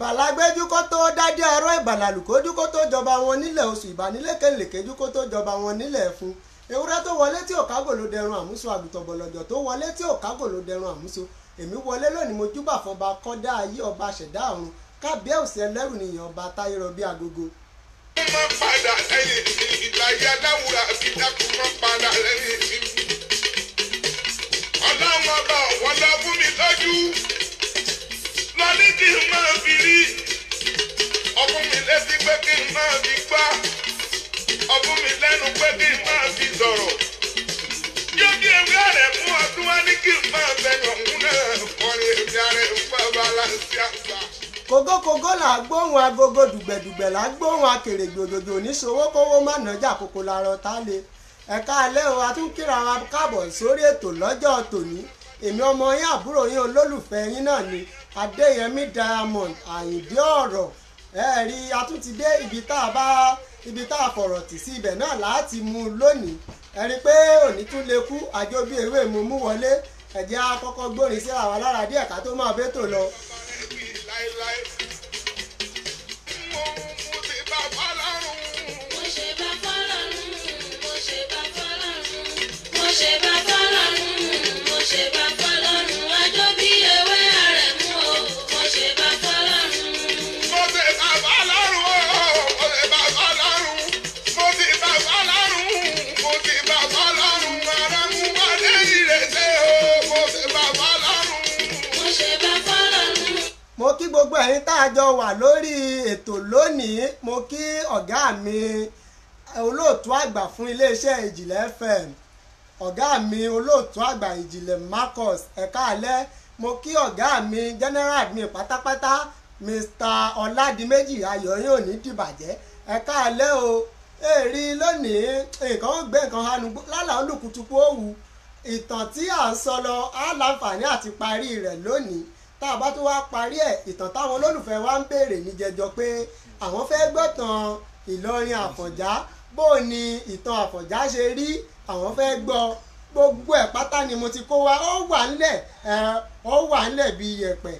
ìbàlágbéjú kó tó dádé arọ́ ìbàlàlùkójú kó tó jọba wọn nílẹ̀ oṣù ìbànílékèlékèjú kó tó jọba wọn nílẹ̀ ẹ̀fun ewúrẹ́ tó wọlé tí òkágò ló dẹrun àmúso àgùntàn tó wọlé tí òkágò ló dẹrun àmúso èmi wọlé lónìí mo júbà fọba kọ́dá ayé ọba ṣẹ̀dá ọ̀run kábíyà òsì ẹlẹ́rù nìyẹn ọba táyé rọ bí agogo. ó máa fún mi lójú. Kogo kogo kí n máa fi rí ọkùn mi létí pé kí n máa fi gbá ọkùn mi lẹ́nu pé kí n máa fi sọ̀rọ̀ yóò di ewé rẹ̀ mú ọdún agogo dùgbẹ̀dùgbẹ̀ là á gbóhùn akèrè gbòdòdò oníṣòwò kówó má nàjà kòkó larọ tá a lè ẹ̀ka alẹ́ o tún kíra wa káàbọ̀ sórí ètò lọ́jọ́ tòní èmi ọmọ yín àbúrò yín olólùfẹ́ yín náà ni adéyẹmí diamond àyìndé ọ̀rọ̀ ẹ̀rí a tún dé ibi tá a bá ibi tá a fọ̀rọ̀ tì sí ibẹ̀ náà láti mú un lónìí ẹ̀rí pé òní tún lè kú àjọ bí ewé mú mú wọlé ẹ̀jẹ̀ á kọ́kọ́ gbórin síra wa lára díẹ̀ ká tó máa bẹ́tò lọ. mo ṣe bá fọlọ́run mo ṣe bá fọlọ́run mo ṣe bá fọlọ́run. gbogbo ẹ̀yin tá a jọ wà lórí ètò lónìí mo kí ọ̀gá mi olóòtú àgbà fún iléeṣẹ́ ìjìnlẹ̀ fm ọ̀gá mi olóòtú àgbà ìjìnlẹ̀ Marcus ẹ̀ka alẹ́ mo kí ọ̀gá mi general mi pátápátá Mr Ọládìméjì ayọ̀yìn òní dìbàjẹ́ ẹ̀ka alẹ́ o èrí lónìí nǹkan ó gbé nǹkan hanu lálàá olùkùtùkù òwú ìtàn tí à ń sọ lọ á láǹfààní àti parí rẹ̀ lónìí tá a bá tún wá parí ẹ̀ ìtàn táwọn olólùfẹ́ wa ń béèrè ní pé àwọn fẹ́ gbọ́tàn Ìlọrin Àfọ̀njá bó ni ìtàn Àfọ̀njá ṣe rí àwọn fẹ́ gbọ́ gbogbo ẹ̀ pátá ni mo ti kó wa ó wà ńlẹ̀ ó wà ńlẹ̀ bí yẹ̀pẹ̀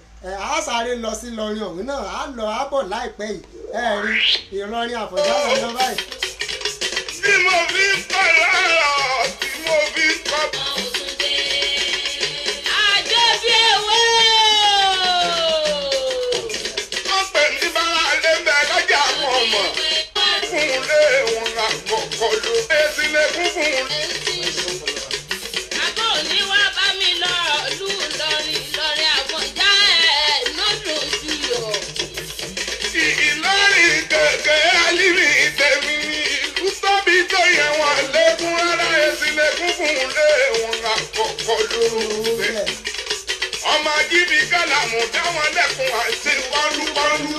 a sáré lọ sí Ìlọrin ọ̀hún náà a lọ a bọ̀ yìí ẹ rí Ìlọrin Àfọ̀njá wà lọ báyìí. tí mo fi ń pàrọ̀ tí mo fi ń pàrọ̀. ọdún bẹ́ẹ̀ sílẹ̀ kún fún mi lọ lù lọrin lọrin àbọ̀já ẹ̀ lọ́dún sí o. ìlọrin kẹ̀kẹ́ alírí ìtẹ̀mí ni ìlú sábì tó yẹ wọn lẹ́kún rárá ẹ̀ sílẹ̀ kún fún un lé wọn àkọ́kọ́ lóru bẹ́ẹ̀. ọmọ jíbi kálámù dáwọn lẹ́kùn àti wálúwálú.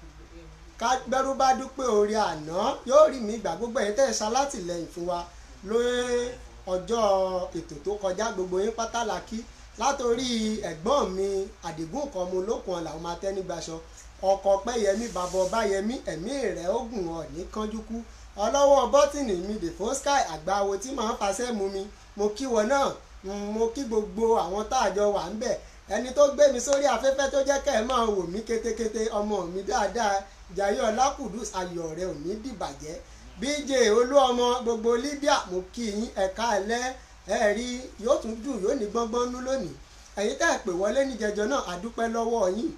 ká gbẹ́rú bá dúpẹ́ orí àná yóò rí mi gbà gbogbo ẹ̀yin tẹ́ ṣalátìlẹ́yìn fún wa lórí ọjọ́ ètò tó kọjá gbogbo yín pátá la kí látòrí ẹ̀gbọ́n mi àdìgún kan mo lókun ọ̀la ọmọ atẹ́nigbaṣọ ọkọ̀ pẹ́yẹmí bàbá ọba yẹmí ẹ̀mí rẹ̀ ogun ọ̀ní kánjúkú ọlọ́wọ́ bọ́tìnì mi the first sky àgbáwo tí màá fàṣẹ mú mi mo kí wọn náà mo kí gbogbo àwọn tá wà ń bẹ̀ ẹni tó gbé mi sórí afẹ́fẹ́ tó jẹ́ kẹ́ ẹ máa wò mí ketekete ọmọ mi dáadáa jayo lakudus Kudus ayọ̀ rẹ ò ní dìbàjẹ́ BJ Olúọmọ gbogbo Libya mo kí yín ẹ̀ka alẹ́ ẹ rí yóò tún dùn yóò ní gbọ́ngbọ́n nú lónìí ẹ̀yin tẹ́ ẹ̀ pè wọlé níjẹjọ náà àdúpẹ́ lọ́wọ́ yín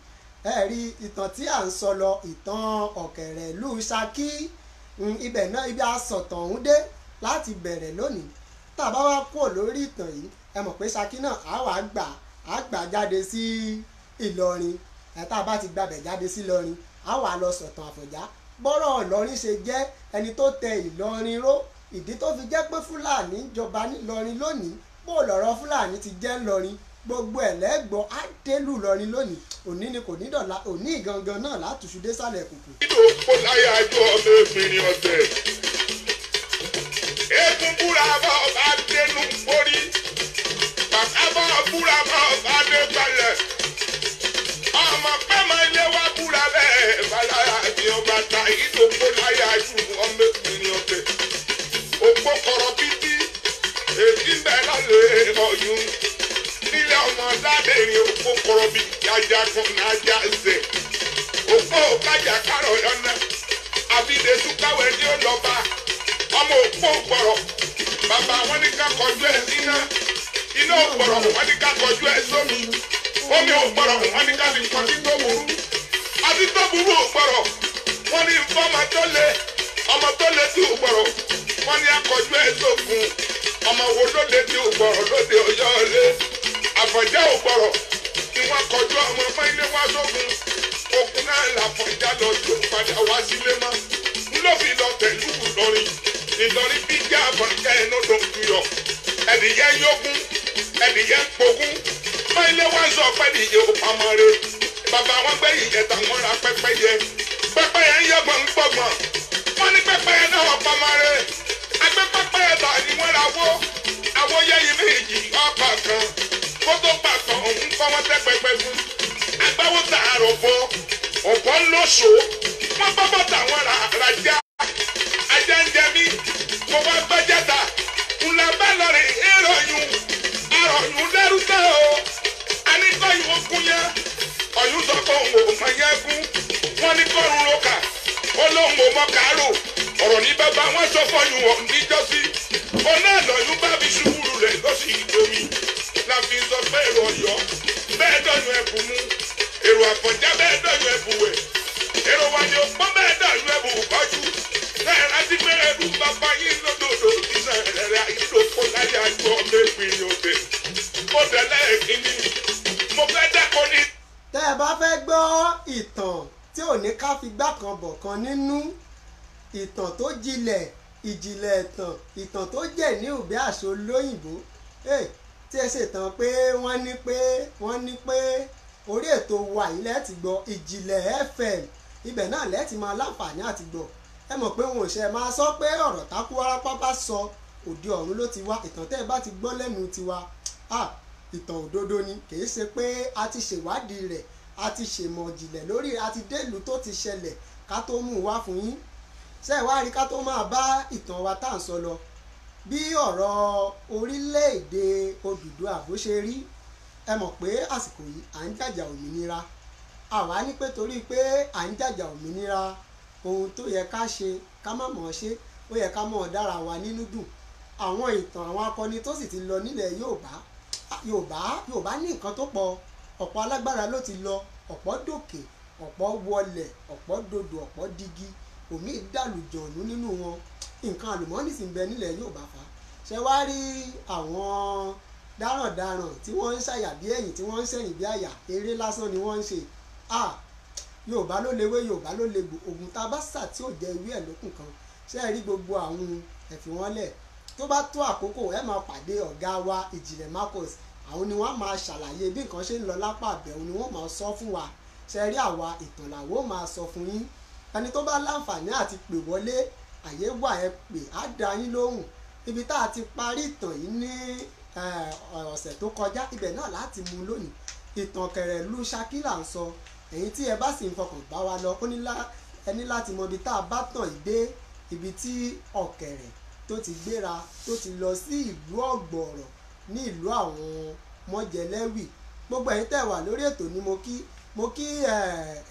ẹ rí ìtàn tí à ń sọ lọ ìtàn ọ̀kẹ̀rẹ̀ ìlú Ṣakí hmm, ibi asọ̀tàn ọ̀hún dé láti bẹ̀rẹ̀ lónìí tàbá wá kúrò lórí ìtàn yìí ẹ mọ̀ pé Ṣakí náà á wàá gbà á gbà jáde sí Ìlọrin ẹ̀ tá a bá ti gbàbẹ̀ jáde sí Ìlọrin á wà lọ sọ̀tàn àfọ̀njá bọ́rọ̀ ìlọrin ṣe jẹ́ ẹni tó tẹ ìlọrin ró ìdí tó fi jẹ́ pé fúlàní jọba nílọrin lónìí bó lọ̀rọ̀ fúlàní ti jẹ́ ńlọrin gbogbo ẹ̀lẹ́gbọ́n á délù lọrin lónìí òní ni kò ní dọ̀la òní ìgangan náà látùṣu désàlẹ̀ kùkù. nínú òpó láyé ajọ ọmọ obìnrin eégún búra bá ọba délù mórí bàbá bá búra bá ọba dé oh, bàtà èyí tó kó láyà ìṣù ọmọ ènìyàn tẹ òpó kọrọ bíbí èyí bẹ lálẹ́ ọyún nílẹ̀ ọmọ dáadé ni òpó kọrọ bíbí ajá kan n'ajá ẹsẹ̀ òpó kájà kárọ yọnà àbídé túkáwé ní ọlọba ọmọ òpó gbọrọ bàbá wọn ní ká kọjú ẹ síná iná ògbọrọ wọn ní ká kọjú ẹ sómi omi ògbọrọ wọn ní ká fi kọjú tó burú adítọ́ burú ògbọrọ wọ́n ní fọ́mọ tó le ọmọ tó le tí ò gbọ̀rọ̀ wọ́n ní akọjú ẹ̀ sókun ọmọ wo ló le tí ò gbọ̀rọ̀ lóde ọyọ́ lé àfọ̀njá ò gbọ̀rọ̀ kí wọ́n kọjú ọmọ fáyínlé wá sókun okun náà làfọ̀njá lọ tó padà wá sílé mọ́ n ló fi lọ pẹ̀lú Ìlọrin Ìlọrin bí jẹ́ àfọ̀njá ẹ̀ ló dùn yọ ẹ̀dìyẹ yógún ẹ̀dìyẹ pogún fáyínlé wá sọ pẹ́ẹ́dìyẹ ò pamọ́ re bàbá wọn gbẹ́yìn yẹ tàwọn ra pẹ́pẹ́yẹ pẹ́pẹ́yẹ ń yọ̀gbọ̀n ń gbọ̀gbọ̀n wọ́n ní pẹ́pẹ́yẹ náà ọ̀pọ̀ ọmọ rẹ̀ agbẹ́ pẹ́pẹ́yẹ là ní wọ́n ra wó àwọn yẹ́yì méjì ọkọ̀ kan kó tó pàtó òun kọ́ wọ́n tẹ́ pẹ́pẹ́gun agbáwo tààrà òbó òbó lóṣù wọ́n bọ́ bọ́tà wọn ràjá ajá ń jẹ mí mo wá gbẹ́jẹ́ta ńlá bá lọ́rìn èròyìn àròyìn lẹ́rú tẹ́ o anígbọ́yìn ogun yẹn ọ̀yún sọ pé òun ò mọ̀ yẹn gún wọ́n ní kọ́run ló kà ó ò mọ kàárò ọ̀rọ̀ ní bàbá wọn sọ fọyín wọn níjọ́sí òun náà bá fi ṣubú rẹ̀ lọ́sí ìdomi la fi sọ pé èrò ọ̀yọ́ bẹ́ẹ̀ dọ̀yún ẹ̀bù mú èrò àfọ̀njá bẹ́ẹ̀ dọ̀yún ẹ̀bù wẹ̀ èrò wa ni òpó bẹ́ẹ̀ dọ̀yún ẹ̀bù kọ́jú náà láti bẹ̀rẹ̀ ẹ̀rù bàbá yín lódòdó iná ẹ̀rẹ̀ ìdókò láyé àjọ mẹ́gbìnrin òde mo tẹ̀lé ẹ̀kíní mo fẹ́ dákọ́ ní. tẹ́ ẹ bá fẹ́ gbọ́ ìtàn tí ò ní ká fi gbá kan bọ̀ kan nínú ìtàn tó jinlẹ̀ ìjìnlẹ̀ ìtàn ìtàn tó jẹ́ ní òbí àṣọ lóyìnbó tí ẹ ṣètàn pé wọ́n ní pé wọ́n ní pé orí ètò wa yìí lẹ́ẹ̀ ti gbọ́ ìjìnlẹ̀ FM ibẹ̀ náà lẹ́ẹ̀ ti máa láǹfààní àti gbọ́ ẹ mọ̀ pé wọn ò ṣe máa sọ pé ọ̀rọ̀ takú warapa bá sọ òde ọ̀run ló ti wá ìtàn tẹ́ ẹ bá ti gbọ́ lẹ́nu tiwa ìtàn òdodo ni kì í ṣe pé a ti ṣèwádìí rẹ̀ a ti ṣèmọ̀ jìnlẹ̀ lórí rẹ̀ a ti délùú tó ti ṣẹlẹ̀ ká tó mú un wá fún yín ṣe ìwádìí ká tó máa bá ìtàn wa tá à ń sọ lọ bí ọ̀rọ̀ orílẹ̀-èdè Odùduwà bó ṣe rí ẹ mọ̀ pé àsìkò yìí à ń jàjà òmìnira àwa ní pé torí pé à ń jàjà òmìnira ohun tó yẹ ká ṣe ká má mọ̀ ọ́ ṣe ó yẹ ká mọ̀ ọ́ dára wa nínú dùn àwọn ìtàn àwọn akọni tó sì ti lọ nílẹ̀ Yorùbá Yorùbá Yorùbá ní nǹkan tó pọ̀ ọ̀pọ̀ alágbára ló ti lọ ọ̀pọ̀ dòkè ọ̀pọ̀ wọlẹ̀ ọ̀pọ̀ dodò ọ̀pọ̀ digi omi dàlùjọ̀nù nínú wọn nǹkan àlùmọ́ọ́nì sì ń bẹ nílẹ̀ Yorùbá fa ṣe wá rí àwọn dáràndáràn tí wọ́n ń ṣàyà bí ẹ̀yìn tí wọ́n ń ṣẹ̀yìn bí àyà eré lásán ni wọ́n ń ṣe a Yorùbá ló lewé Yorùbá ló legbò ògùn tá a bá sà tí ò jẹ ewé ẹ̀ lókùn kan ṣe rí gbogbo àwọn ẹ̀fìn wọn lẹ̀ tó bá tó àkókò ẹ máa pàdé ọ̀gá wa Ìjìnlẹ̀ Marcus àwọn ni wọ́n máa ṣàlàyé bí nǹkan ṣe ń lọ lápá àbẹ̀wò ni wọ́n máa sọ fún wa ṣe rí àwa ìtàn làwọn máa sọ fún yín ẹni tó bá láǹfààní àti pè wọlé àyè wà ẹ pè á dá yín lóhùn ibi tá a ti parí ìtàn yìí ní ọ̀sẹ̀ tó kọjá ibẹ̀ náà láti mú lónìí ìtàn Kẹ̀rẹ̀lú Ṣakí là ń sọ èyí tí ẹ bá sì ń fọkàn bá wa lọ ó ní láti mọ ibi tá a bá tàn yìí dé ibi tí ọ̀kẹ̀rẹ̀ tó ti gbéra tó ti lọ sí ìlú ọ̀gbọ̀rọ̀ ní ìlú àwọn mọ̀jẹ̀lẹ́wì gbogbo ẹ̀yin tẹ́ wà lórí ètò ni mo kí mo kí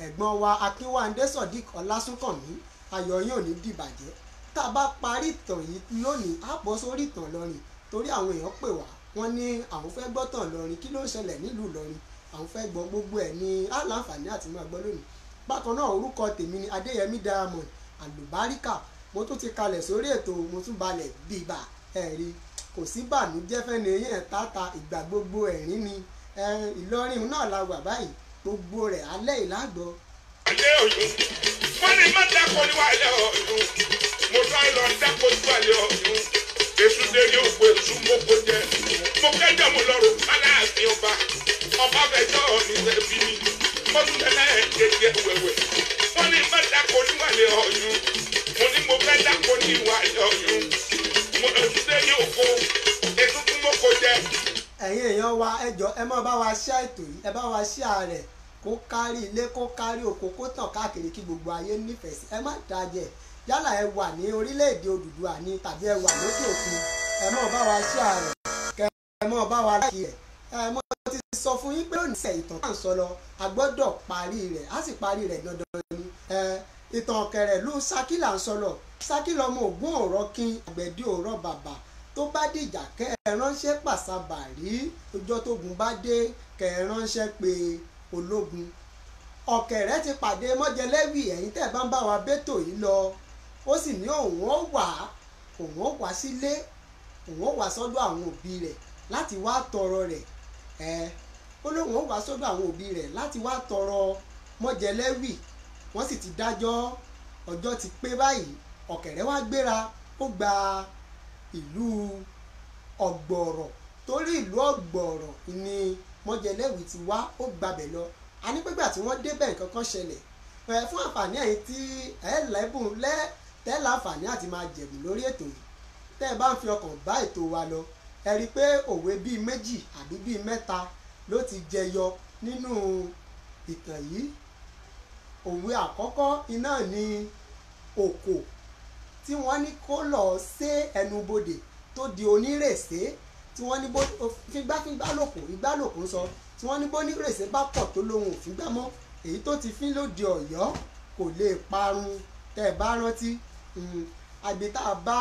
ẹ̀gbọ́n wa akínwándé sodiq ọlásùnkànmí ayọ̀ yóò ní dìbàjẹ́ tá a bá parí ìtàn yìí lónìí á bọ́ sórí ìtàn lọ́rìn torí àwọn èèyàn pè wá wọ́n ní àwọn fẹ́ gbọ́ tàn lọ́rìn kí ló ń ṣẹlẹ̀ nílùú lọ́rìn àwọn fẹ́ gbọ́ gbogbo ẹ̀ ní aláǹfààní àti máa gbọ́ lónìí bákan náà orúkọ tèmi ni adéyẹmí diamond àlùbáríkà mo tún ti kalẹ̀ sórí ètò mo tún balẹ̀ bíbà ẹ̀rí kò sí bànújẹ́ fẹ́ni eyín ẹ̀ tata ìgbà gbogbo ẹ̀rín ni Ìlọrin náà la wà báyìí gbogbo rẹ̀ alẹ́ ìlágbọ́. ilé òyò wọn ni má dáko níwá ilé ọ̀yọ́ mo tọ́ ẹ lọ dáko níwá ilé ọ̀yọ́ èṣù délé ògbó èṣù mọ́kò jẹ mo kẹ́jọ́ mo lọ rò aláàfin ọba ọba fẹjọ́ nílẹ̀ bí mi mo tún tẹ́lẹ̀ ẹ̀ẹ́dẹ́gbẹ́ wẹ̀wẹ̀ wọn ni má dáko níwá ilé ọ̀yọ́ mo ní mo fẹ́ dáko níwá ilé ọ̀yọ́. òkúté ní òfo egungun mọ́kò jẹ. ẹ̀yin èèyàn wa ẹjọ́ ẹ má bá wa ṣá àìtò yìí ẹ bá wa ṣá rẹ̀ kó kárí ilé kó kárí oko kó tàn káàkiri kí gbogbo ayé nífẹ̀ẹ́ sí ẹ má dájẹ́ yálà ẹ wà ní orílẹ̀-èdè Odùduwà ni tàbí ẹ wà lókè òkun ẹ má bá wa ṣá rẹ̀ kẹ ẹ má bá wa láàkì rẹ̀ ẹ mọ ti sọ fún yín pé lónìí ìtàn tá à ń sọ lọ a parí rẹ̀ á sì parí rẹ̀ dandan ni ìtàn ọ̀kẹ́rẹ́ ló Ṣakí là ń sọ̀rọ̀ Ṣakí lọ́mọ ògún ọ̀rọ̀ kin àgbẹ̀dì ọ̀rọ̀ bàbà tó bá dìjà kẹ́ ẹ ránṣẹ́ pàṣàbà rí ọjọ́ tógun bá dé kẹ́ ẹ ránṣẹ́ pé ológun ọ̀kẹ́rẹ́ ti pàdé mọ́jẹlẹ́wì ẹ̀yìn tẹ́ bá ń bá wa bẹ́tò yìí lọ ó sì ní òun ó wà òun ó wà sílé òun ó wà sọ́dọ̀ àwọn òbí rẹ̀ láti wá tọrọ rẹ̀ ẹ̀ ó lóun ó wà sọ́dọ̀ àwọn òbí rẹ̀ láti wá tọrọ mọ́jẹlẹ́wì wọ́n sì ti dájọ́ ọjọ́ ti pé báyìí ọ̀kẹ́rẹ́ wá gbéra ó gba ìlú ọ̀gbọ̀rọ̀ torí ìlú ọ̀gbọ̀rọ̀ ni mọ́jẹlẹ́wì ti wá ó gbabẹ̀ lọ a ní pẹ́gbà tí wọ́n débẹ̀ nǹkan kan ṣẹlẹ̀ ẹ̀ fún àǹfààní ẹ̀yin tí ẹ̀ lẹ́bùn lẹ́ tẹ́ láǹfààní àti máa jẹ̀bùn lórí ètò yìí tẹ́ ẹ bá ń fi ọkàn bá ètò wa lọ ẹ rí i pé òwe bíi méjì àbí bíi mẹ́ta ló ti jẹyọ nínú ìtàn yìí òwe àkọ́kọ́ iná ni òkò tí wọ́n ní kó lọ sé ẹnubodè tó di onírèsé tí wọ́n ní bó fíngbáfíngbá lòkò igbá ń sọ tí wọ́n ní bó onírèsé bá pọ̀ tó lóhun òfin gbá mọ́ èyí tó ti fín lóde ọ̀yọ́ kò lè parun tẹ́ ẹ bá rántí àgbétà bá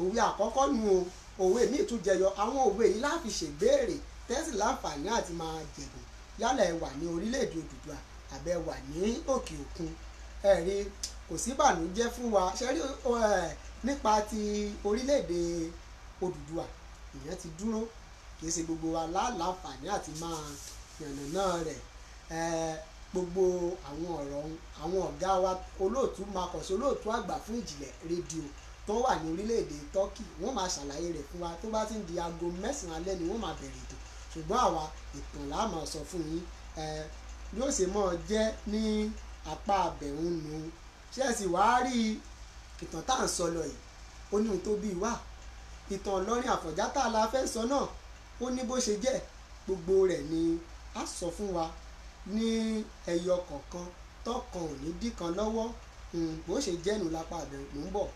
òwe àkọ́kọ́ nu o òwe míì tún jẹyọ àwọn òwe yìí láfi ṣègbéèrè tẹ́sí láǹfààní àti máa jẹ̀bù yálà ẹ wà ní orílẹ̀-èdè Odùduwà àbẹ wà ní òkè òkun ẹ rí kò sí bànújẹ́ fún wa ṣe rí nípa ti orílẹ̀-èdè Odùduwà ìyẹn ti dúró kì í ṣe gbogbo wa láǹfààní àti máa yànnàná rẹ̀ gbogbo àwọn ọ̀rọ̀ àwọn ọ̀gá wa olóòtú Marcus olóòtú àgbà fún ìjìnlẹ̀ rédíò tó wà ní orílẹ̀-èdè Turkey wọ́n máa ṣàlàyé rẹ̀ fún wa tó bá ti ń di aago mẹ́sàn-án alẹ́ ni wọ́n máa bẹ̀rẹ̀ ètò ṣùgbọ́n àwa ìtàn la máa sọ fún yín bí ó ṣe mọ́ ọ jẹ́ ní apá abẹ̀hún nù ṣé ẹ sì wáá rí ìtàn tá à ń sọ lọ yìí ó ní ohun tó bí wà ìtàn ọlọ́rin àfọ̀njá tá a la fẹ́ sọ náà ó ní bó ṣe jẹ́ gbogbo rẹ̀ ni a sọ fún wa ní ẹyọ kọ̀ọ̀kan tọkàn ò ní dí lọ́wọ́ bó ṣe jẹ́nu lápá abẹ̀hún mò ń bọ̀.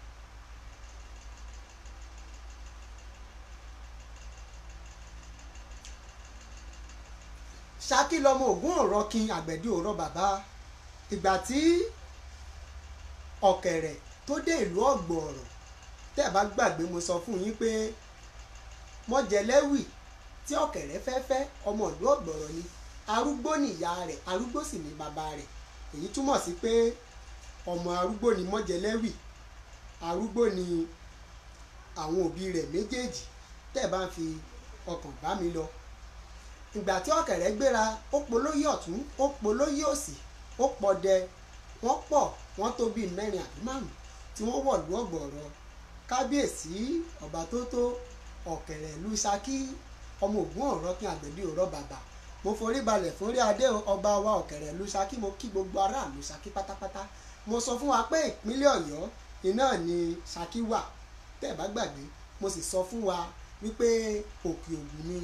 ṣákí lọmọ ògún ọ̀rọ̀ kin àgbẹ̀dì ọ̀rọ̀ bàbá ìgbà tí ọ̀kẹ̀rẹ̀ tó dé ìlú ọ̀gbọ̀ọ̀rọ̀ tẹ́ ẹ̀ bá gbàgbé mo sọ fún yín pé mọ́jẹlẹ́wì tí ọ̀kẹ̀rẹ̀ fẹ́fẹ́ ọmọ ìlú ọ̀gbọ̀ọ̀rọ̀ ni arúgbó ni ìyá rẹ̀ arúgbó sì ni bàbá rẹ̀ èyí túmọ̀ sí pé ọmọ arúgbó ni mọ́jẹlẹ́wì arúgbó ni àwọn òbí rẹ̀ méjèèjì tẹ́ ẹ̀ bá ń fi ọkàn bá mi lọ ìgbà tí ọ̀kẹ́rẹ́ gbéra ó polóyè ọ̀tún ó polóyè òsì ó pọdẹ wọ́n pọ̀ wọ́n tó bíi mẹ́rin àbí márùn tí wọ́n wọ̀lú ọ̀gbọ̀ọ̀rọ̀ kábíyèsí ọba tó tó ọ̀kẹ́rẹ́ ìlú Ṣakí ọmọ ògún ọ̀rọ̀ kí àgbẹ̀bí ọ̀rọ̀ bàbá mo forí balẹ̀ fún rí adé ọba wa ọ̀kẹ́rẹ́ ìlú Ṣakí mo kí gbogbo aráàlú Ṣakí pátápátá mo sọ fún wa pé ìpínlẹ̀ Ọ̀yọ́ iná ni Ṣakí wà tẹ́ẹ̀ bá gbàgbé mo sì sọ fún wa wípé òkè Ògùn ni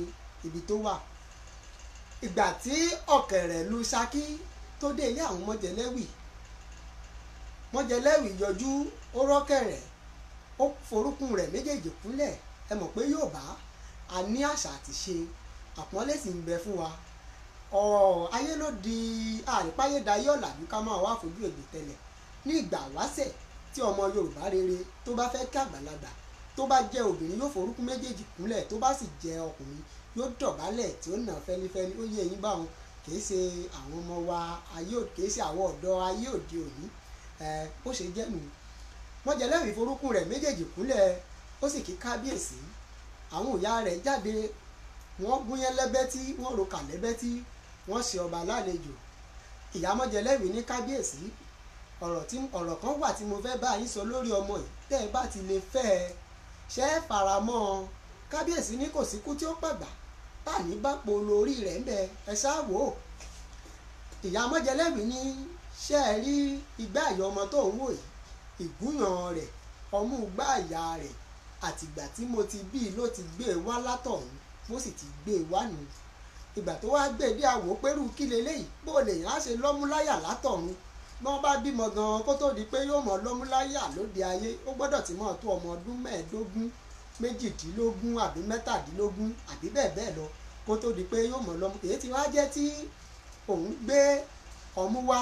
ibi tó wà ìgbà tí ọ̀kẹ̀rẹ̀ lu Ṣakí tó dé ilé àwọn mọ̀jẹ̀lẹ́wì mọ̀jẹ̀lẹ́wì yọjú ó rọ́kẹ̀rẹ̀ ó forúkún rẹ̀ méjèèjì kúnlẹ̀ ẹ mọ̀ pé Yorùbá a ní àṣà àti ṣe àpọ́nlé sì ń bẹ fún wa ọ̀rọ̀ ayé ló di àrípáyédayé ọ̀làjú ká máa wá fojú ègbè tẹ̀lẹ̀ ní ìgbà wáṣẹ̀ tí ọmọ Yorùbá rere tó bá fẹ́ kí àgbàlagbà tó bá jẹ́ obìnrin yóò forúkún méjèèjì kúnlẹ̀ tó bá sì jẹ́ ọkùnrin yóò dọ̀bálẹ̀ tí ó nà fẹ́nifẹ́ni ó yé eyín báwọn kì í ṣe àwọn ọmọ wa ayé kì í ṣe àwọn ọ̀dọ́ ayé òde òní bó ṣe jẹ́ nù. wọ́n jẹ lẹ́rìí forúkún rẹ̀ méjèèjì kúnlẹ̀ ó sì kí kábíyèsí àwọn ìyá rẹ̀ jáde wọ́n gúnyán lẹ́bẹ́tí wọ́n ro kà lẹ́bẹ́tí wọ́n ṣe ọba lálejò ìyá mọ́jẹlẹ́rìí ní kábíyèsí ọ̀rọ̀ tí ọ̀rọ̀ kan wà tí mo fẹ́ bá yín sọ lórí ọmọ yìí tẹ́ ẹ bá ti lè fẹ́ ẹ ṣe faramọ́ kábíyèsí ní kò síkú tí ó pàgbà tàní bá polo orí rẹ̀ ń bẹ ẹ ṣáàwó ìyá mọ́jẹlẹ́mì ní ṣe é rí igbá ìyá ọmọ tó ń wò yìí ìgúnyàn rẹ̀ ọmú gbá ìyá rẹ̀ àtìgbà tí mo ti bí ló ti gbé e wá látọ̀hún mo sì ti gbé e wá nù ìgbà tó wá gbé e dé àwò pẹ̀lú kí leléyìí bó lè yàn á ṣe lọ́múláyà látọ̀hún wọ́n bá bímọ gan-an kó tó di pé yóò mọ lọ́múláyà lóde ayé ó gbọ́dọ̀ ti mọ̀ tó ọmọ ọdún mẹ́ẹ̀ẹ́dógún méjìdínlógún àbí mẹ́tàdínlógún àbí bẹ́ẹ̀ bẹ́ẹ̀ lọ kó tó di pé yóò mọ̀ lọ́mú èyí tí wá jẹ́ tí òun gbé ọmú wá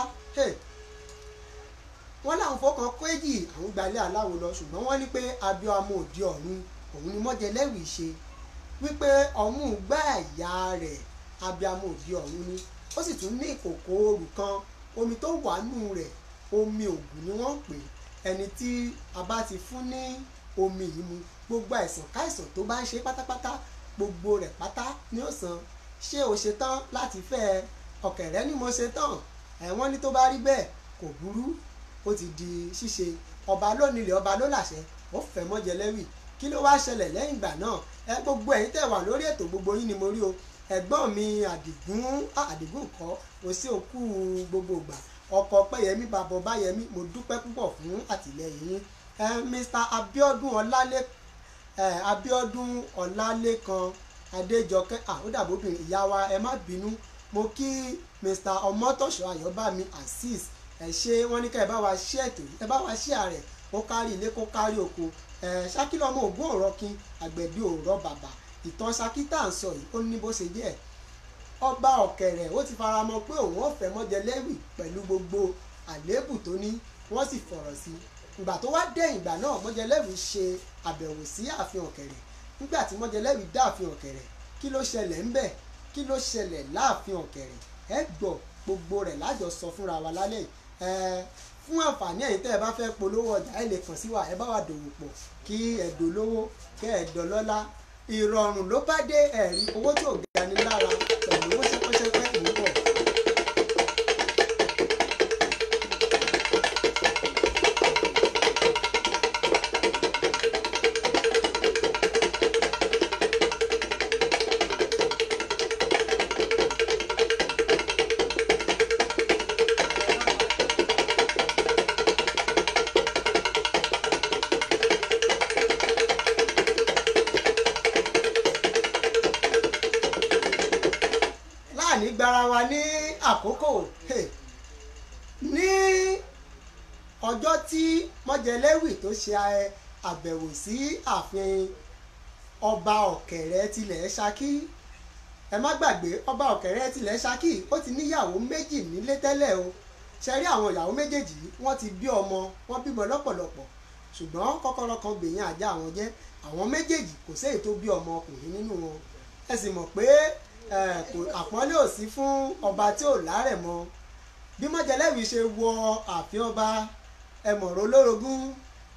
wọ́n láwọn fọkàn kéjì àwọn gbalẹ̀ aláwo lọ ṣùgbọ́n wọ́n ní pé abiyamọ òdi ọ̀run òun ni mọ́jẹlẹ́rìí ṣe wípé ọmú gbá ẹ̀yà rẹ̀ abiyamọ òdi ọ̀run ni ó sì tún ní ìkòkò ooru kan omi tó wà nù rẹ̀ omi ògùn ni wọ́n pè ẹni tí a bá ti fún ní omi yìí mu gbogbo àìsàn káìsàn tó bá ń ṣe pátápátá gbogbo rẹ̀ pátá ni ó san ṣé o ṣe tán láti fẹ́ ẹ ọ̀kẹ́rẹ́ ni mo ṣe tán ẹ̀wọ́n ní tó bá rí bẹ́ẹ̀ kò burú ó ti di ṣíṣe ọba ló nílẹ̀ ọba ló làṣẹ ó fẹ́ mọ́jẹ lẹ́wì kí ló wá ṣẹlẹ̀ lẹ́yìn ìgbà náà ẹ gbogbo ẹ̀yin tẹ̀ wà lórí ètò gbogbo yín ni mo rí o ẹ̀gbọ́n mi àdìgún àdìgún kọ́ kò sí òkú gbogbo ìgbà ọkọ pẹ́yẹmí bàbọ̀ báyẹmí mo dúpẹ́ púpọ̀ fún àtìlẹ́yìn Mr Abiodun Ọlálẹ́kùn Eh, Abiodun Ọlálékan Adéjọkẹ́ ó dàbí obìnrin ìyá wa ẹ má bínú mo kí Mr Ọmọtọ̀ṣọ́ Ayọ̀bámi Azeez ẹ ṣe wọ́n ní ká ẹ bá wa ṣí ètò yìí ẹ bá wa ṣí ààrẹ ó kárí ilé kó kárí oko ẹ ṣákìlọ́ ọmọ ògún ọ̀rọ̀ kin àgbẹ̀bí bàbà ìtàn ṣákì tá à ń sọ yìí ó ní bó ṣe jẹ́ ọba ọ̀kẹ̀rẹ̀ ó ti fara mọ́ pé òun ò fẹ́ mọ́jẹlẹ́wì pẹ̀lú gbogbo àléébù tó ní wọ́n sì fọ̀rọ̀ sí i ìgbà tó wá dé ìgbà náà mọ́jẹlẹ́rù ṣe àbẹ̀wò sí ààfin ọ̀kẹ̀rẹ̀ nígbà tí mọ́jẹlẹ́rù dá ààfin ọ̀kẹ̀rẹ̀ kí ló ṣẹlẹ̀ ńbẹ̀ kí ló ṣẹlẹ̀ láàfin ọ̀kẹ̀rẹ̀ ẹ gbọ́ gbogbo rẹ̀ lájọ sọ fúnra wa lálẹ́ yìí fún àǹfààní ẹ̀yin tẹ́ ẹ bá fẹ́ polówó ọjà ẹ lè kàn sí wa ẹ bá wa dòwò pọ̀ kí ẹ dolówó kẹ́ ẹ dọlọ́lá ìrọ̀rùn ló bá dé ẹ̀rí owó tó ga ni lára ṣe àbẹ̀wò sí ààfin ọba ọ̀kẹ́rẹ́ tilẹ̀ ṣákí ẹ má gbàgbé ọba ọ̀kẹ́rẹ́ tilẹ̀ ṣákí ó ti níyàwó méjì nílé tẹ́lẹ̀ o ṣe rí àwọn ìyàwó méjèèjì wọ́n ti bí ọmọ wọ́n bímọ lọ́pọ̀lọpọ̀ ṣùgbọ́n kọ́kọ́rọ́ kan gbèyàn àjà àwọn jẹ́ àwọn méjèèjì kò séyìí tó bí ọmọ ọkùnrin nínú wọn ẹ sì mọ̀ pé àpọ́nlé ò sí fún ọba tí ò lárẹ̀ mọ́ bí Mọ́jẹlẹ́bí ṣe wọ ààfin ọba ẹ̀mọ̀rọ̀ olórogún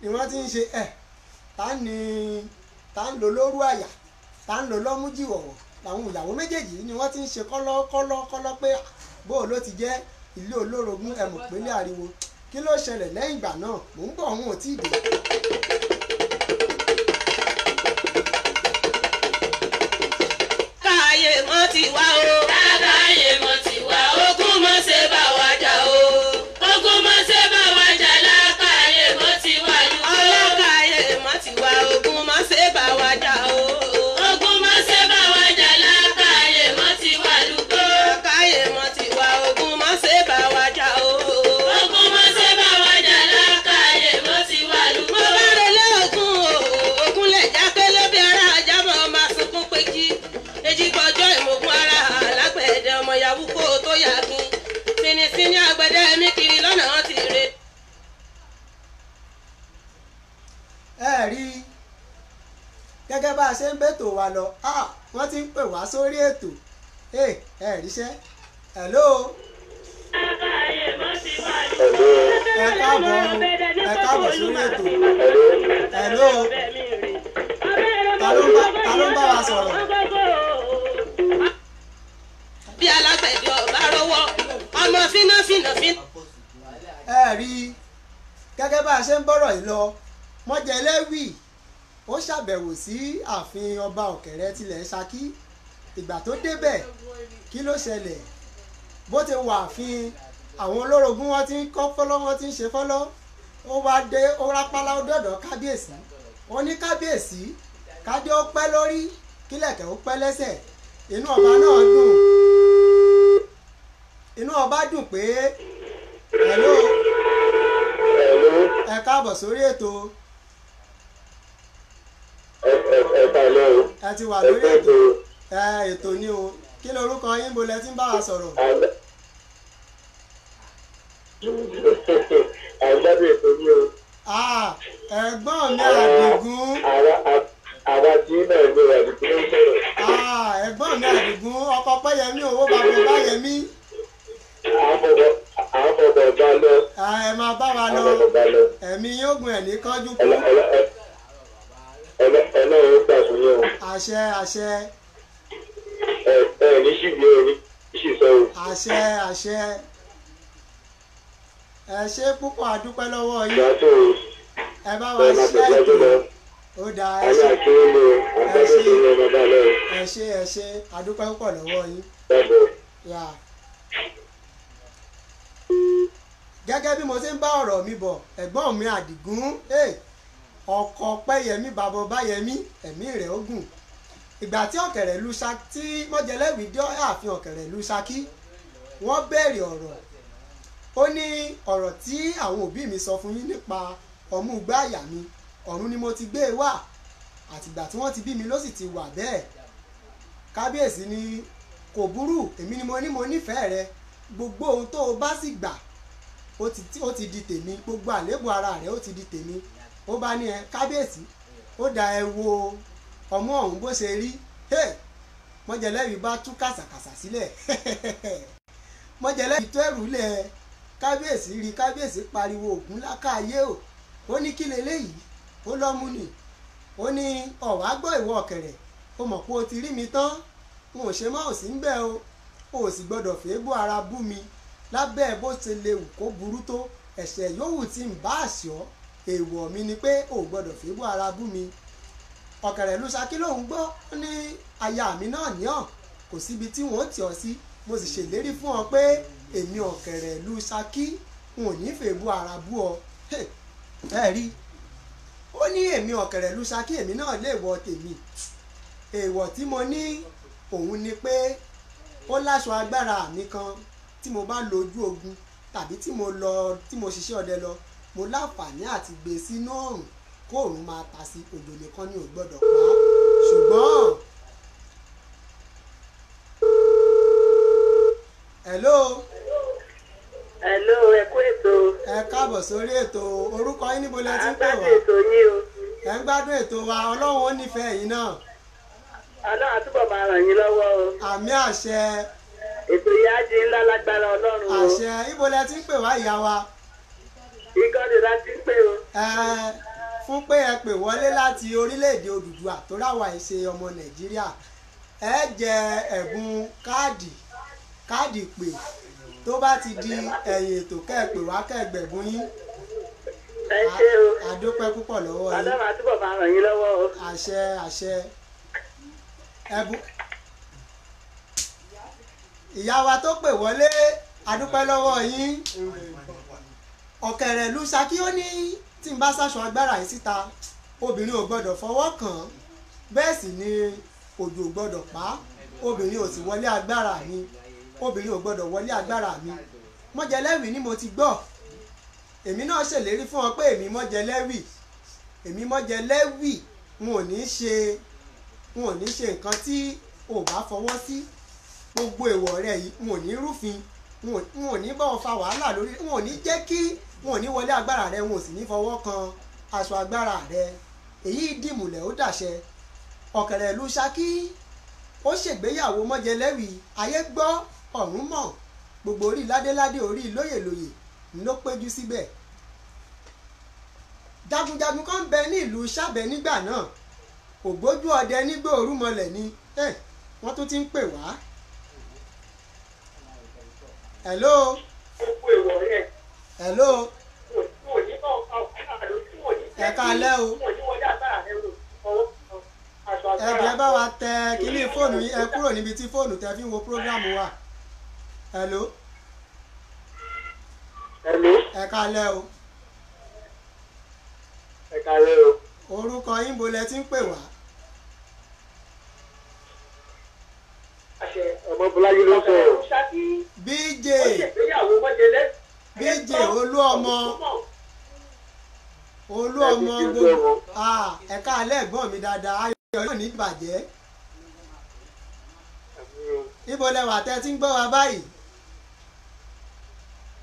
ni wọ́n ti ń ṣe ẹ̀ tá ni tá ń lò lóru àyà tá ń lò lọ́mú jìwọ̀wọ̀ làwọn ìyàwó méjèèjì ni wọ́n ti ń ṣe kọ́lọ́ kọ́lọ́ kọ́lọ́ pé bóò ló ti jẹ́ ilé olórogún ẹ̀mọ̀ pélé ariwo kí ló ṣẹlẹ̀ lẹ́yìn ìgbà náà mò ń bọ̀ òun ò tí dé. káyé mọ́ ti wá o. gẹ́gẹ́ bá a ṣe ń bètò wa lọ wọ́n ti ń pè wá sórí ètò ẹ ẹ ríṣẹ́ hello. ẹ káàbọ̀ ẹ káàbọ̀ sórí ètò hello. ta ló ń bá wa sọ̀rọ̀. bí alágbẹ̀dẹ ọ̀bá rọwọ́ ọmọ fínáfínà fín. ẹ rí i gẹ́gẹ́ bá a ṣe ń bọ̀rọ̀ yìí lọ mọ́jẹ́lẹ́wì ó ṣàbẹ̀wò sí ààfin ọba ọ̀kẹ́rẹ́ tilẹ̀ ṣakí ìgbà tó débẹ̀ kí ló ṣẹlẹ̀ bó ti wà ààfin àwọn olórogún wọn ti ń kọ́ fọ́lọ́ wọn ti ń ṣe fọ́lọ́ ó wá dé ó rápálá ó dọ̀dọ̀ kábíyèsí ó ní kábíyèsí kádé ó pẹ́ lórí kílẹ̀kẹ̀ ó pẹ́ lẹ́sẹ̀ inú ọba náà dùn inú ọba dùn pé hello ẹ káàbọ̀ sórí ètò. ẹ̀lẹ́ o. ẹ ti wà lórí ètò ni o kí lorúkọ yín bolẹ̀ tí ń bá wa sọ̀rọ̀. àgbàdo ètò ni o. ẹ̀gbọ́n mi àdìgún. àwa tí ń bẹ̀rẹ̀ ló àdìgún ló ń sọ̀rọ̀. ẹ̀gbọ́n mi àdìgún ọkọ pẹ́yẹmí owó bàbá báyẹmí. àwọn ọmọ ọba lọ. ẹ máa bá wa lọ ẹ̀mí yóò gun ẹ̀ ní kánjú kú ọlọ́run ó gbà fún yín o. àṣẹ àṣẹ. ẹ ẹ ní ṣìbí o ní ṣìṣọ o. àṣẹ àṣẹ. ẹ ṣe púpọ̀ àdúpẹ́ lọ́wọ́ yín. ìgbà tó o ẹ bá wa ṣe àìkú ó da ẹ ṣe ẹ ṣe ẹ ṣe ẹ ṣe àdúpẹ́ púpọ̀ lọ́wọ́ yín. Yeah gẹ́gẹ́ bí mo ṣe ń bá ọ̀rọ̀ mi bọ̀ ẹ̀gbọ́n mi àdìgún ọkọ pẹ́yẹmí bàbá báyẹmí ẹ̀mí rẹ̀ ó gùn ìgbà tí ọ̀kẹ̀rẹ̀ lu Ṣakí tí mọ́jẹlẹ́wì dé ààfin ọ̀kẹ̀rẹ̀ lu Ṣakí wọ́n béèrè ọ̀rọ̀ ó ní ọ̀rọ̀ tí àwọn òbí mi sọ fún yín nípa ọmú gbáàyà mi ọ̀run ni mo ti gbé e wá àtìgbà tí wọ́n ti bí mi ló sì ti wà bẹ́ẹ̀ kábíyèsí ni kò burú èmi ni mo ní mo nífẹ̀ẹ́ rẹ gbogbo ohun tó o bá sì gbà ó ti di tèmi gbogbo àléébù ara rẹ ó ti di tèmi ó bá ní ẹ kábíyèsí ó dá ẹ wo ọmọ ọ̀hún bó ṣe rí mọ́jẹ̀lẹ́rìí bá tú kàsàkàsà sílẹ̀ mọ́jẹ̀lẹ́rìí tó ẹ̀rù lẹ̀ kábíyèsí rí kábíyèsí pariwo ògún lákàáyé o ó ní kí leléyìí ó lọ́mú ni ó ní ọ̀wá gbọ́ ìwọ ọ̀kẹ̀rẹ̀ ó mọ̀ pé o ti rí mi tán n ò ṣe mọ́ òsì ń bẹ̀ o o sì gbọ́dọ̀ fẹ́ bó ara bú mi lábẹ́ bó ṣe lè wù kó burú tó ẹ̀ṣẹ̀ yòówù tí ń bá àṣọ èèwọ̀ mi ni pé ò gbọ́dọ̀ fébú ara bú mi ọ̀kẹ̀rẹ̀ ló ṣakí lòun gbọ́ ó ní aya mi náà ní ọ̀ kò síbi tí wọ́n tì ọ́ sí mo sì ṣèlérí fún ọ pé èmi ọ̀kẹ̀rẹ̀ ló ṣakí n ò ní fèébú ara bú ọ ẹ rí ó ní èmi ọ̀kẹ̀rẹ̀ ló ṣakí èmi náà lè wọ tèmi èèwọ̀ tí mo ní òun ni pé ó láṣọ agbára mi kan tí mo bá lọ ojú ogun tàbí tí mo lọ tí mo ṣiṣẹ́ ọdẹ lọ mo láǹfààní àti gbé e sínú ọ̀run kó òòrùn máa ta sí òjò nìkan ni ò gbọ́dọ̀ pa á hello. hello ẹ kú ètò. ẹ káàbọ̀ sórí ètò orúkọ yín níbo lẹ ti ń pè wá. a gbádùn ètò yín o. ẹ ń gbádùn ètò wa ọlọ́run ó nífẹ̀ẹ́ yín náà. ọlọ́run àtúbọ̀ máa ràn yín lọ́wọ́ o. àmì àṣẹ. ètò ìyá di ńlá lágbára ọlọ́run o. àṣẹ ibo lẹ ti ń pè wá ìyá wa ìkọ́ni láti pè o. fún pé ẹ pè wọlé láti orílẹ̀-èdè Odùduwà tó ráwà ìṣe ọmọ Nàìjíríà ẹ jẹ ẹ̀bùn káàdì káàdì pè tó bá ti di ẹ̀yìn ètò kẹ́ẹ̀pẹ̀ wá kẹ́ẹ̀gbẹ̀gún yín. ẹ ṣe o àdópẹ́ púpọ̀ lọ́wọ́ yín. ọlọ́run àtúbọ̀ máa ràn yín lọ́wọ́ o. àṣẹ àṣẹ ẹ̀bùn ìyá wa tó pè wọlé àdúpẹ́ lọ́wọ́ yín ọ̀kẹ̀rẹ̀ ló ṣakí ó ní tí n bá sáṣọ agbára yìí síta obìnrin ò gbọ́dọ̀ fọwọ́ kàn án bẹ́ẹ̀ sì ni òjò ò gbọ́dọ̀ pa á obìnrin ò sì wọlé agbára mi obìnrin ò gbọ́dọ̀ wọlé agbára mi mọ́jẹlẹ́wì ni mo ti gbọ́ èmi náà ṣèlérí fún ọ pé èmi mọ́jẹlẹ́wì èmi mọ́jẹlẹ́wì wọn ò ní ṣe wọn ò ní ṣe nǹkan tí ò bá fọwọ́ sí gbogbo èèwọ̀ rẹ yìí wọn ò ní rúfin wọn ò ní bá wọn fa wàhálà lórí wọn ò ní jẹ́ kí wọn ò ní wọlé agbára rẹ wọn ò sì ní fọwọ́ kan aṣọ agbára rẹ èyí dìmùlẹ̀ ó dàṣẹ ọ̀kẹ̀rẹ̀ ìlú Ṣakí ó ṣègbéyàwó mọ́jẹlẹ́wì ayé gbọ́ ọ̀run mọ̀ gbogbo orí ládéládé orí lóyèlóyè ló péjú síbẹ̀ jagunjagun kan bẹ ní ìlú Ṣàbẹ̀ nígbà náà ògbójú ọdẹ nígbà òrùmọlẹ̀ ni wọ́n tún ti ń pè wá. hello. ó pè wọ́n yẹn hello. ẹ káalẹ́ o. ẹ jẹ́ bá wa tẹ kíní fóònù yín ẹ kúrò níbi tí fóònù tẹ fi ń wo prógrámù wa. hello. hello. ẹ káalẹ́ o. ẹ káalẹ́ o. orúkọ yín bo lẹ ti ń pè wá. àṣẹ ọmọ bọláyé ló sọ. BJ. ó ṣègbéyàwó mọ́jẹ lẹ́sìn méje olú ọmọ olú ọmọ gbogbo ẹ̀ka alẹ́ ẹ̀gbọ́n mi dáadáa ayọ̀ yóò ní ìbàjẹ́ ibo lẹ wà tẹ́ tí ń gbọ́ wa báyìí.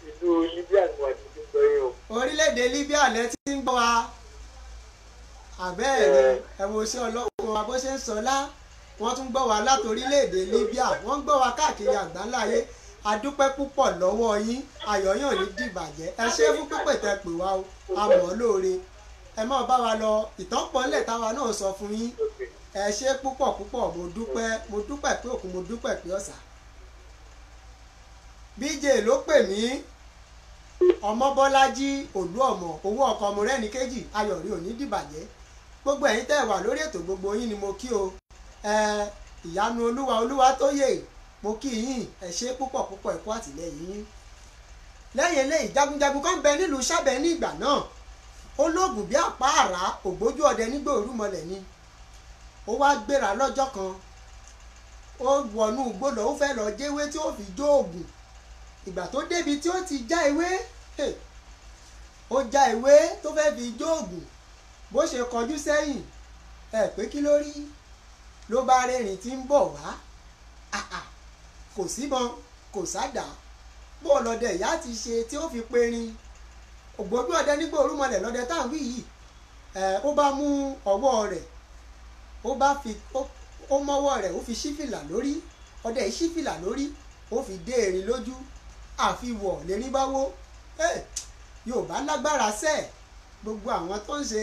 ìlú Libya ni wà títí gbọ́ yín o. orílẹ̀-èdè Libya lẹ ti ń gbọ́ wa àbẹ́ẹ̀rẹ̀ ẹ̀wọ̀n sí ọlọ́wọ́ wa bó ṣe ń sọlá wọ́n tún gbọ́ wa láti orílẹ̀-èdè Libya wọ́n gbọ́ wa káàkiri àgbáńláyé Adúpẹ́ púpọ̀ lọ́wọ́ yín àyọ̀yàn ní dìbàjẹ́ ẹ ṣe fún pípẹ́ tẹ pè wá o a mọ̀ lóore ẹ máa bá wa lọ ìtọ́pọ̀nlẹ̀ táwa náà sọ fún yín ẹ ṣe púpọ̀ púpọ̀ mo dúpẹ́ mo dúpẹ́ pé òkú mo dúpẹ́ pé ọ̀sà bj ló pè mí òlú ọmọ owó ọkọ ọmọ ní kejì mo kí yín ẹ ṣe púpọ̀ púpọ̀ ẹ kú àtìlẹ́yìn yín lẹ́yìn eléyìí jagunjagun kan bẹ nílùú sábẹ́ ní ìgbà náà olóògùn bíi àpáàrà ògbójú ọdẹ nígbà òrùmọlẹ̀ ni ó wá gbéra lọ́jọ́ kan ó wọnú gbọ́dọ̀ ó fẹ́ lọ jẹ́wé tí ó fi jó òògùn ìgbà tó débi tí ó ti já ewé ó já ewé tó fẹ́ fi jó òògùn bó ṣe kọjú sẹ́yìn ẹ pé kí ló rí ló bá rẹ́rìn tí ń bọ̀ wá. Ah, ah kò síbọn kò sádà bó ọlọ́dẹ ìyá ti ṣe tí ó fi perin ògbójú ọdẹ nígbà òrùmọlẹ̀ lọ́dẹ tá à ń wí yìí ó bá mú ọwọ́ rẹ̀ ó bá fi ó mọ́wọ́ rẹ̀ ó fi sífìlà lórí ọdẹ yìí sífìlà lórí ó fi dé erin lójú àfiwọ̀ lérin bá wó yorùbá lágbára sẹ́ẹ̀ gbogbo àwọn tó ń ṣe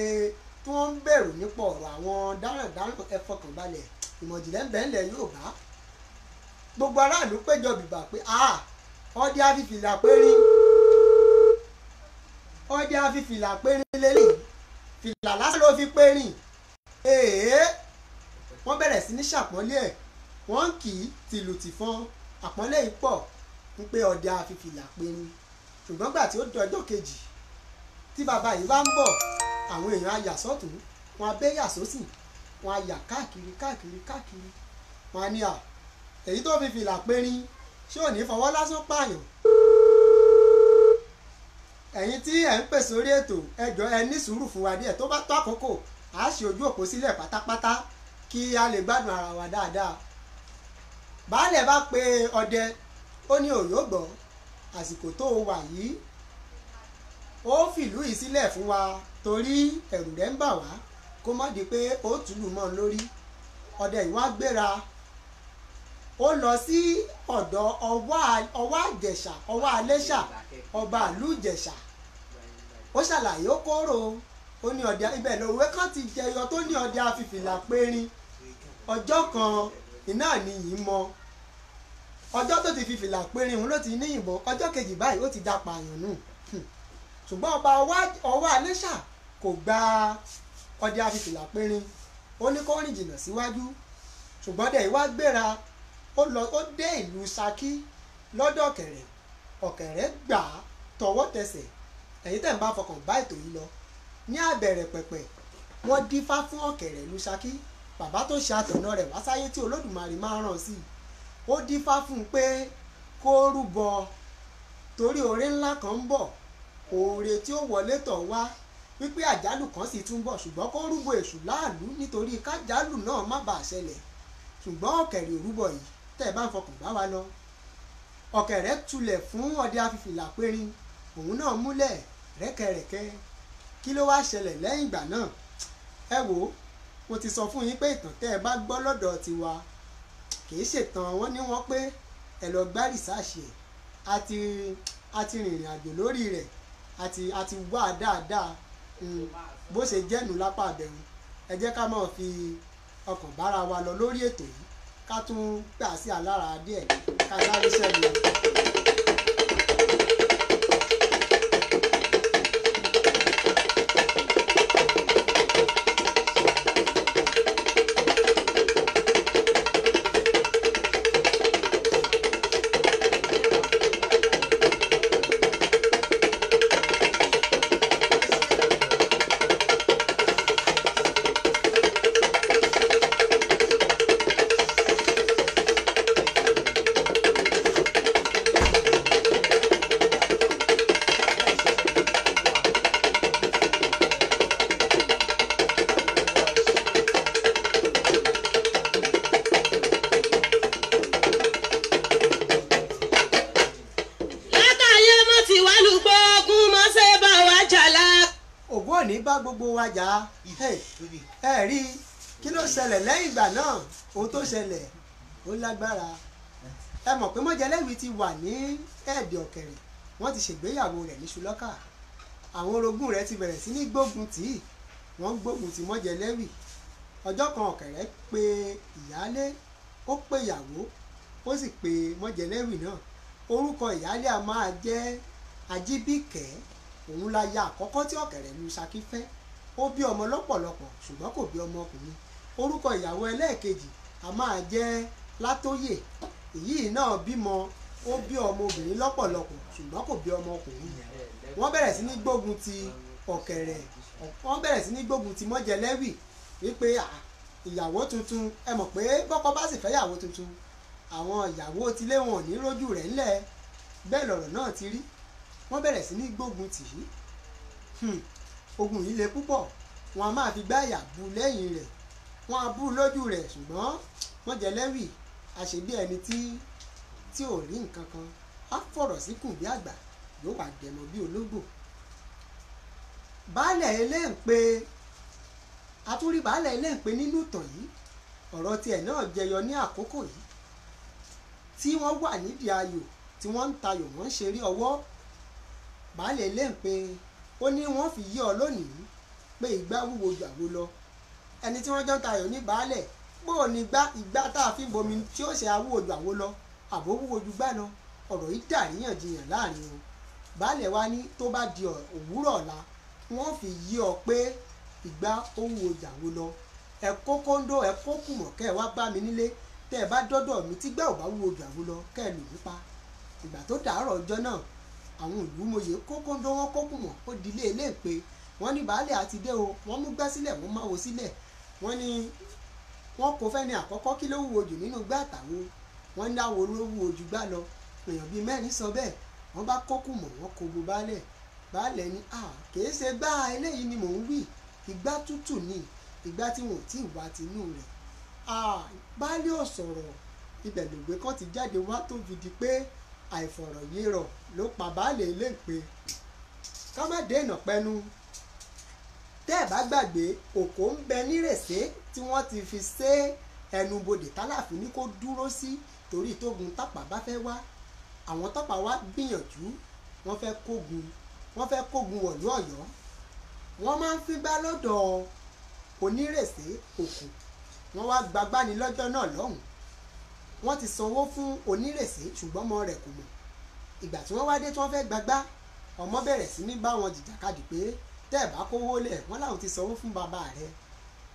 tí wọ́n ń bẹ̀rù nípa ọ̀rọ̀ àwọn dáràndáràn ẹ fọkànbalẹ̀ ìmọ̀jìnlẹ̀ ń bẹ ńlẹ̀ yorùbá gbogbo aráàlú péjọ bìbà pé ah ọdẹ afífìlà péré ọdẹ afífìlà péré lélẹ̀ fìlà lásán ló fi péré èèyàn wọ́n bẹ̀rẹ̀ sí ní ṣàpọ́nlé ẹ̀ wọ́n ń kì í tìlù tìfọn àpọ́nlé yìí pọ̀ ń pé ọdẹ afífìlà péré ṣùgbọ́n gbà tí ó di ọjọ́ kejì tí bàbá yìí bá ń bọ̀ àwọn èèyàn á yà sọ́tún wọn á bẹ́ yà sósì wọn á yà káàkiri káàkiri káàkiri wọn á à èyí tó fi fìlà périn ṣé ò ní fọwọ́ lásán pààyàn. ẹ̀yin tí ẹ̀ ń pè sórí ètò ẹ jọ̀ọ́ ẹ ní sùúrù fún wa díẹ̀ tó bá tó àkókò á ṣe ojú òpó sílẹ̀ pátápátá kí a lè gbádùn ara wa dáadáa. baálẹ̀ bá pe ọdẹ ó ní òyò gbọ́ àsìkò tó o wà yìí ó fìlú yìí sílẹ̀ fún wa torí ẹ̀rù rẹ̀ ń bà wá kó má di pé ó tùlù mọ́ lórí ọdẹ ìwà gbéra ó lọ sí ọ̀dọ̀ ọwá àjẹ̀ṣà ọwá alẹ́ṣà ọba ìlú ìjẹ̀ṣà ó ṣàlàyé ó kóró ó ní ọ̀dẹ ibẹ̀ lòwe kan ti jẹyọ tó ní ọ̀dẹ afìfìlà périn ọjọ́ kan iná nìyí mọ ọjọ́ tó ti fi fìlà périn òun ló ti ní ìbọn ọjọ́ kejì báyìí ó ti da pààyàn nù ṣùgbọ́n ọba ọwá alẹ́ṣà kò gba ọ̀dẹ afìfìlà périn ó ní kó rìn jìnnà síwájú ṣùgbọ́n dẹ̀ ìwá gbéra ó lọ ó dé ìlú Ṣakí lọ́dọ̀ ọ̀kẹ̀rẹ̀ ọ̀kẹ̀rẹ̀ gbà á tọwọ́ tẹsẹ̀ ẹ̀yin tẹ̀ ń bá fọkàn bá ètò yìí lọ ní àbẹ̀rẹ̀ pẹ̀pẹ̀ wọ́n dífá fún ọ̀kẹ̀rẹ̀ ìlú Ṣakí bàbá tó ṣe àtọ̀nà rẹ̀ wá sáyé tí olódùmarè máa ràn sí i ó dífá fún un pé kó rúbọ torí oore ńlá kan ń bọ̀ oore tí ó wọlé tọ̀ wá wípé àjálù kan sì tún bọ̀ ṣùgbọ́n kó rúbọ èṣù láàlú nítorí kájálù náà má bàa ṣẹlẹ̀ ṣùgbọ́n ọ̀kẹ̀rẹ̀ òrúbọ yìí tẹ́ ẹ bá ń fọkàn bá wa lọ ọ̀kẹ́rẹ́ tulẹ̀ fún ọdẹ afìfìlà périn òun náà múlẹ̀ rẹ́kẹrẹ́kẹ́ kí ló wá ṣẹlẹ̀ lẹ́yìn ìgbà náà ẹ wò ó mo ti sọ fún yín pé ìtàn tẹ́ ẹ bá gbọ́ lọ́dọ̀ tiwa kì í ṣètàn wọn ní wọn pé ẹ lọ gbá rìsáàṣì ẹ̀ àti àti rìnrìn àjò lórí rẹ̀ àti àti wá dáadáa hmm, bó ṣe jẹ́nu lápá àbẹ̀wò ẹ jẹ́ ká máa fi ọkàn bára wa lọ lórí ètò yìí ká tún gbà sí alára díẹ̀ ká sáré sẹ́yìn. ṣẹlẹ̀ ó lágbára ẹ mọ̀ pé Mọ́jẹlẹ́wì ti wà ní ẹ̀ẹ̀dẹ̀ ọ̀kẹ̀rẹ̀ wọ́n ti ṣègbéyàwó rẹ̀ ní ṣùlọ́kà àwọn orogún rẹ̀ ti bẹ̀rẹ̀ sí ní gbógun tì í wọ́n ń gbógun ti Mọ́jẹlẹ́wì ọjọ́ kan ọ̀kẹ̀rẹ̀ pe ìyáálé ó pe ìyàwó ó sì pe Mọ́jẹlẹ́wì náà orúkọ ìyáálé a máa jẹ́ Ajíbíkẹ́ òun la ya àkọ́kọ́ tí ọ̀kẹ̀rẹ̀ lu Ṣakí fẹ́ ó bí ọmọ lọ́pọ̀lọpọ̀ ṣùgbọ́n kò bí ọmọ orúkọ ìyàwó ẹlẹ́ẹ̀kejì a máa jẹ́ látòyè èyí náà bímọ ó bí ọmọbìnrin lọ́pọ̀lọpọ̀ ṣùgbọ́n kò bí ọmọkùnrin wọ́n bẹ̀rẹ̀ sí ní gbógun ti ọ̀kẹ̀rẹ̀ wọ́n bẹ̀rẹ̀ sí ní gbógun ti mọ́jẹlẹ́wì wípé ìyàwó tuntun ẹ mọ̀ pé bọ́kọ bá sì fẹ́ yàwó tuntun àwọn ìyàwó tilé wọn ò ní rójú rẹ̀ ńlẹ̀ bẹ́ẹ̀ lọ̀rọ̀ náà ti rí wọ́n bẹ̀rẹ̀ sí ní gbógun tì í hmm, ogun yìí le púpọ̀ wọn a máa fi gbá ìyà lẹ́yìn rẹ̀ wọn aburú lójú rẹ̀ ṣùgbọ́n wọ́n jẹ lẹ́wì àṣebí ẹni tí tí ò rí nǹkan kan á fọ̀rọ̀ síkùn bí àgbà yóò wà dẹ̀mọ́ bí ológbò baálẹ̀ ilé ń pe atúrí baálẹ̀ ilé ń pe nínú ìtàn yìí ọ̀rọ̀ tiẹ̀ náà jẹyọ ní àkókò yìí tí wọ́n wà nídìí ayò tí wọ́n ń tayò wọ́n ń ṣeré ọwọ́ baálẹ̀ ilé ń pe ó ní wọ́n fi yí ọ lónìí pé ìgbà wúwo jàwó lọ ẹni tí wọ́n jọ ń tayò ní baálẹ̀ bó o ní gbá ìgbá tá a fi ń bomi tí ó ṣe awúwo ju àwo lọ àbò wúwo ju gbá lọ ọ̀rọ̀ yìí dàríyànjiyàn láàrin wọn baálẹ̀ wa ní tó bá di òwúrọ̀ ọ̀la wọ́n fi yí ọ pé ìgbá ó wúwo ju àwo lọ ẹ kó kóńdó ẹ kó kùmọ̀ kẹ́ ẹ wá bá mi nílé tẹ́ ẹ bá dọ́dọ̀ mi tí gbá ò bá wúwo ju àwo lọ kẹ́ ẹ lù mí pa ìgbà tó dàárọ̀ ọjọ́ náà àwọn ìlú kó kóńdó wọn kó kùmọ̀ ó dilé eléèpé wọ́n ní baálẹ̀ àti o wọ́n mú gbá sílẹ̀ wọ́n máwo sílẹ̀ wọ́n ní wọ́n kò fẹ́ni àkọ́kọ́ kí ló wúwo jù nínú gbá àtàwo wọ́n ní àwo ló wúwo jù gbá lọ èèyàn bíi mẹ́rin sọ bẹ́ẹ̀ wọ́n bá kókù mọ̀ wọ́n kó gbó baálẹ̀ baálẹ̀ ni à kìí ṣe gbá eléyìí ni mò ń wí ìgbà tútù ni ìgbà tí wọn ò tí ì wá tinú rẹ̀ à baálẹ̀ ò sọ̀rọ̀ ibẹ̀ lògbé kan ti jáde wá tó fi di pé àìfọ̀rọ̀yérọ̀ ló pa baálẹ̀ ilé ìpè ká má dé ìnà tẹ́ ẹ̀ bá gbàgbé òkò ń bẹ nírèsé tí wọ́n ti fi ṣe ẹnubodè tálàfin ní kó dúró sí torí tógun tápà bá fẹ́ wá àwọn tápà wá gbìyànjú wọ́n fẹ́ kógun wọ́n fẹ́ kógun wọ̀lú ọ̀yọ́ wọ́n máa ń fi bá lọ́dọ̀ onírèsé òkò wọ́n wá gbagbáni lọ́jọ́ náà lọ́hùn wọ́n ti sanwó fún onírèsé ṣùgbọ́n ọmọ rẹ̀ kò mọ̀ ìgbà tí wọ́n wá dé tí wọ́n fẹ́ gbagbá ọmọ bẹ̀rẹ̀ sí ní bá wọn jìjàkadì pé tẹ́ ẹ̀ bá kówó lẹ̀ wọ́n láwọn ti sanwó fún bàbá rẹ̀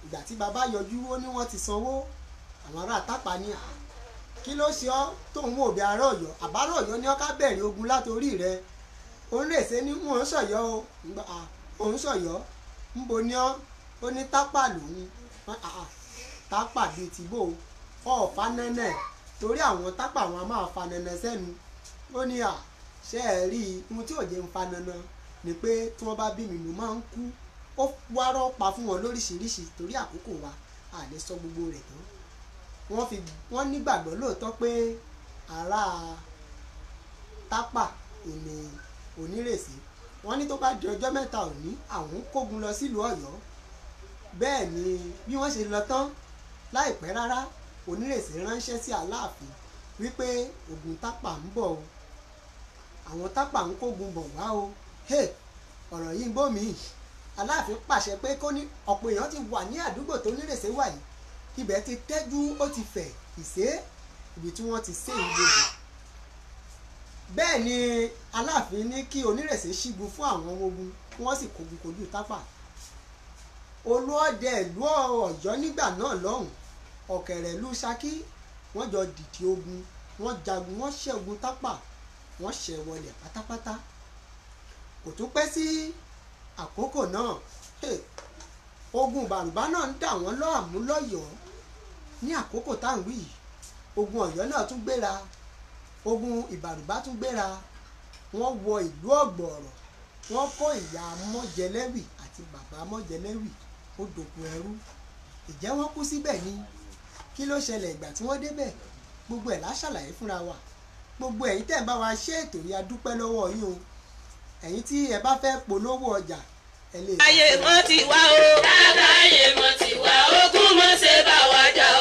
ìgbà tí bàbá yọjú ó ní wọ́n ti sanwó àwọn ará tápá ní à kí ló ṣe ọ́ tóun wò bí ará ọ̀yọ́ àbárò ọ̀yọ́ ni ọ́ ká bẹ̀rẹ̀ ogun látòrí rẹ̀ òun lè ṣe ní wọn ṣọ̀yọ́ o òun ṣọ̀yọ́ ńbo ni ọ́ ó ní tápà lòun tápà bíi tìbò ọ̀ọ́fà nẹ́nẹ́ torí àwọn tápà wọn a máa fa nẹ́nẹ́ sẹ́nu ó ní à ṣe é rí i ohun tí ò jẹ́ fa nẹ́nẹ́ ni pé tí wọ́n bá bí mi mo máa ń kú ó wá rọ́pa fún wọn lóríṣiríṣi torí àkókò wa a lè sọ gbogbo rẹ̀ tán wọ́n fi wọ́n nígbàgbọ́ lóòótọ́ pé ará tápà òní onírèsì wọ́n ní tó bá di ọjọ́ mẹ́ta òní àwọn ń kógun lọ sílùú ọ̀yọ́ bẹ́ẹ̀ ni bí wọ́n ṣe lọ tán láìpẹ́ rárá onírèsì ránṣẹ́ sí aláàfin wípé ogun tápà ń bọ̀ o àwọn tápà ń kógun bọ̀ wá o ọ̀rọ̀ yìí ń bò mí aláàfin pàṣẹ pé kó ní ọ̀pọ̀ èèyàn ti wà ní àdúgbò tó nírèsé wà yìí ibẹ̀ ti tẹ́jú ó ti fẹ̀ ìṣe ibi tí wọ́n ti ṣe ìgbòho bẹ́ẹ̀ ni aláàfin ní kí onírèsé ṣígun fún àwọn ogun kí wọ́n sì kógun kojú tápà olóòdẹ ìlú ọ̀yọ́ nígbà náà lọ́hùn ọ̀kẹ̀rẹ̀ ìlú ṣakí wọ́n jọ dìde ogun wọ́n jagun wọ́n ṣẹ́gun tápà wọ́n ṣẹ̀wọlẹ̀ pátápátá kò tún pẹ́ sí àkókò náà ogun bàrùbá náà ń dà wọ́n láàmú lọ́yọ̀ọ́ ní àkókò tá yìí ogun ọ̀yọ́ náà tún gbéra ogun ìbàrùbá tún gbéra wọ́n wọ ìlú ọ̀gbọ̀ọ̀rọ̀ wọ́n kó ìyá mọ́jẹlẹ́wì àti bàbá mọ́jẹlẹ́wì ó dòkun ẹrú ìjẹ́ wọ́n kú síbẹ̀ ni kí ló ṣẹlẹ̀ ìgbà tí wọ́n débẹ̀ gbogbo ẹ̀ la fúnra wa gbogbo ẹ̀yin tẹ̀ bá wa ṣe ètò yìí dúpẹ́ lọ́wọ́ yín o ẹ̀yin tí ẹ bá fẹ́ polówó ọjà ẹ lè. ayé mọ́ ti wá o. lábàáyé mọ́ ti wá ogún mọ́ ṣe bá wa jà o.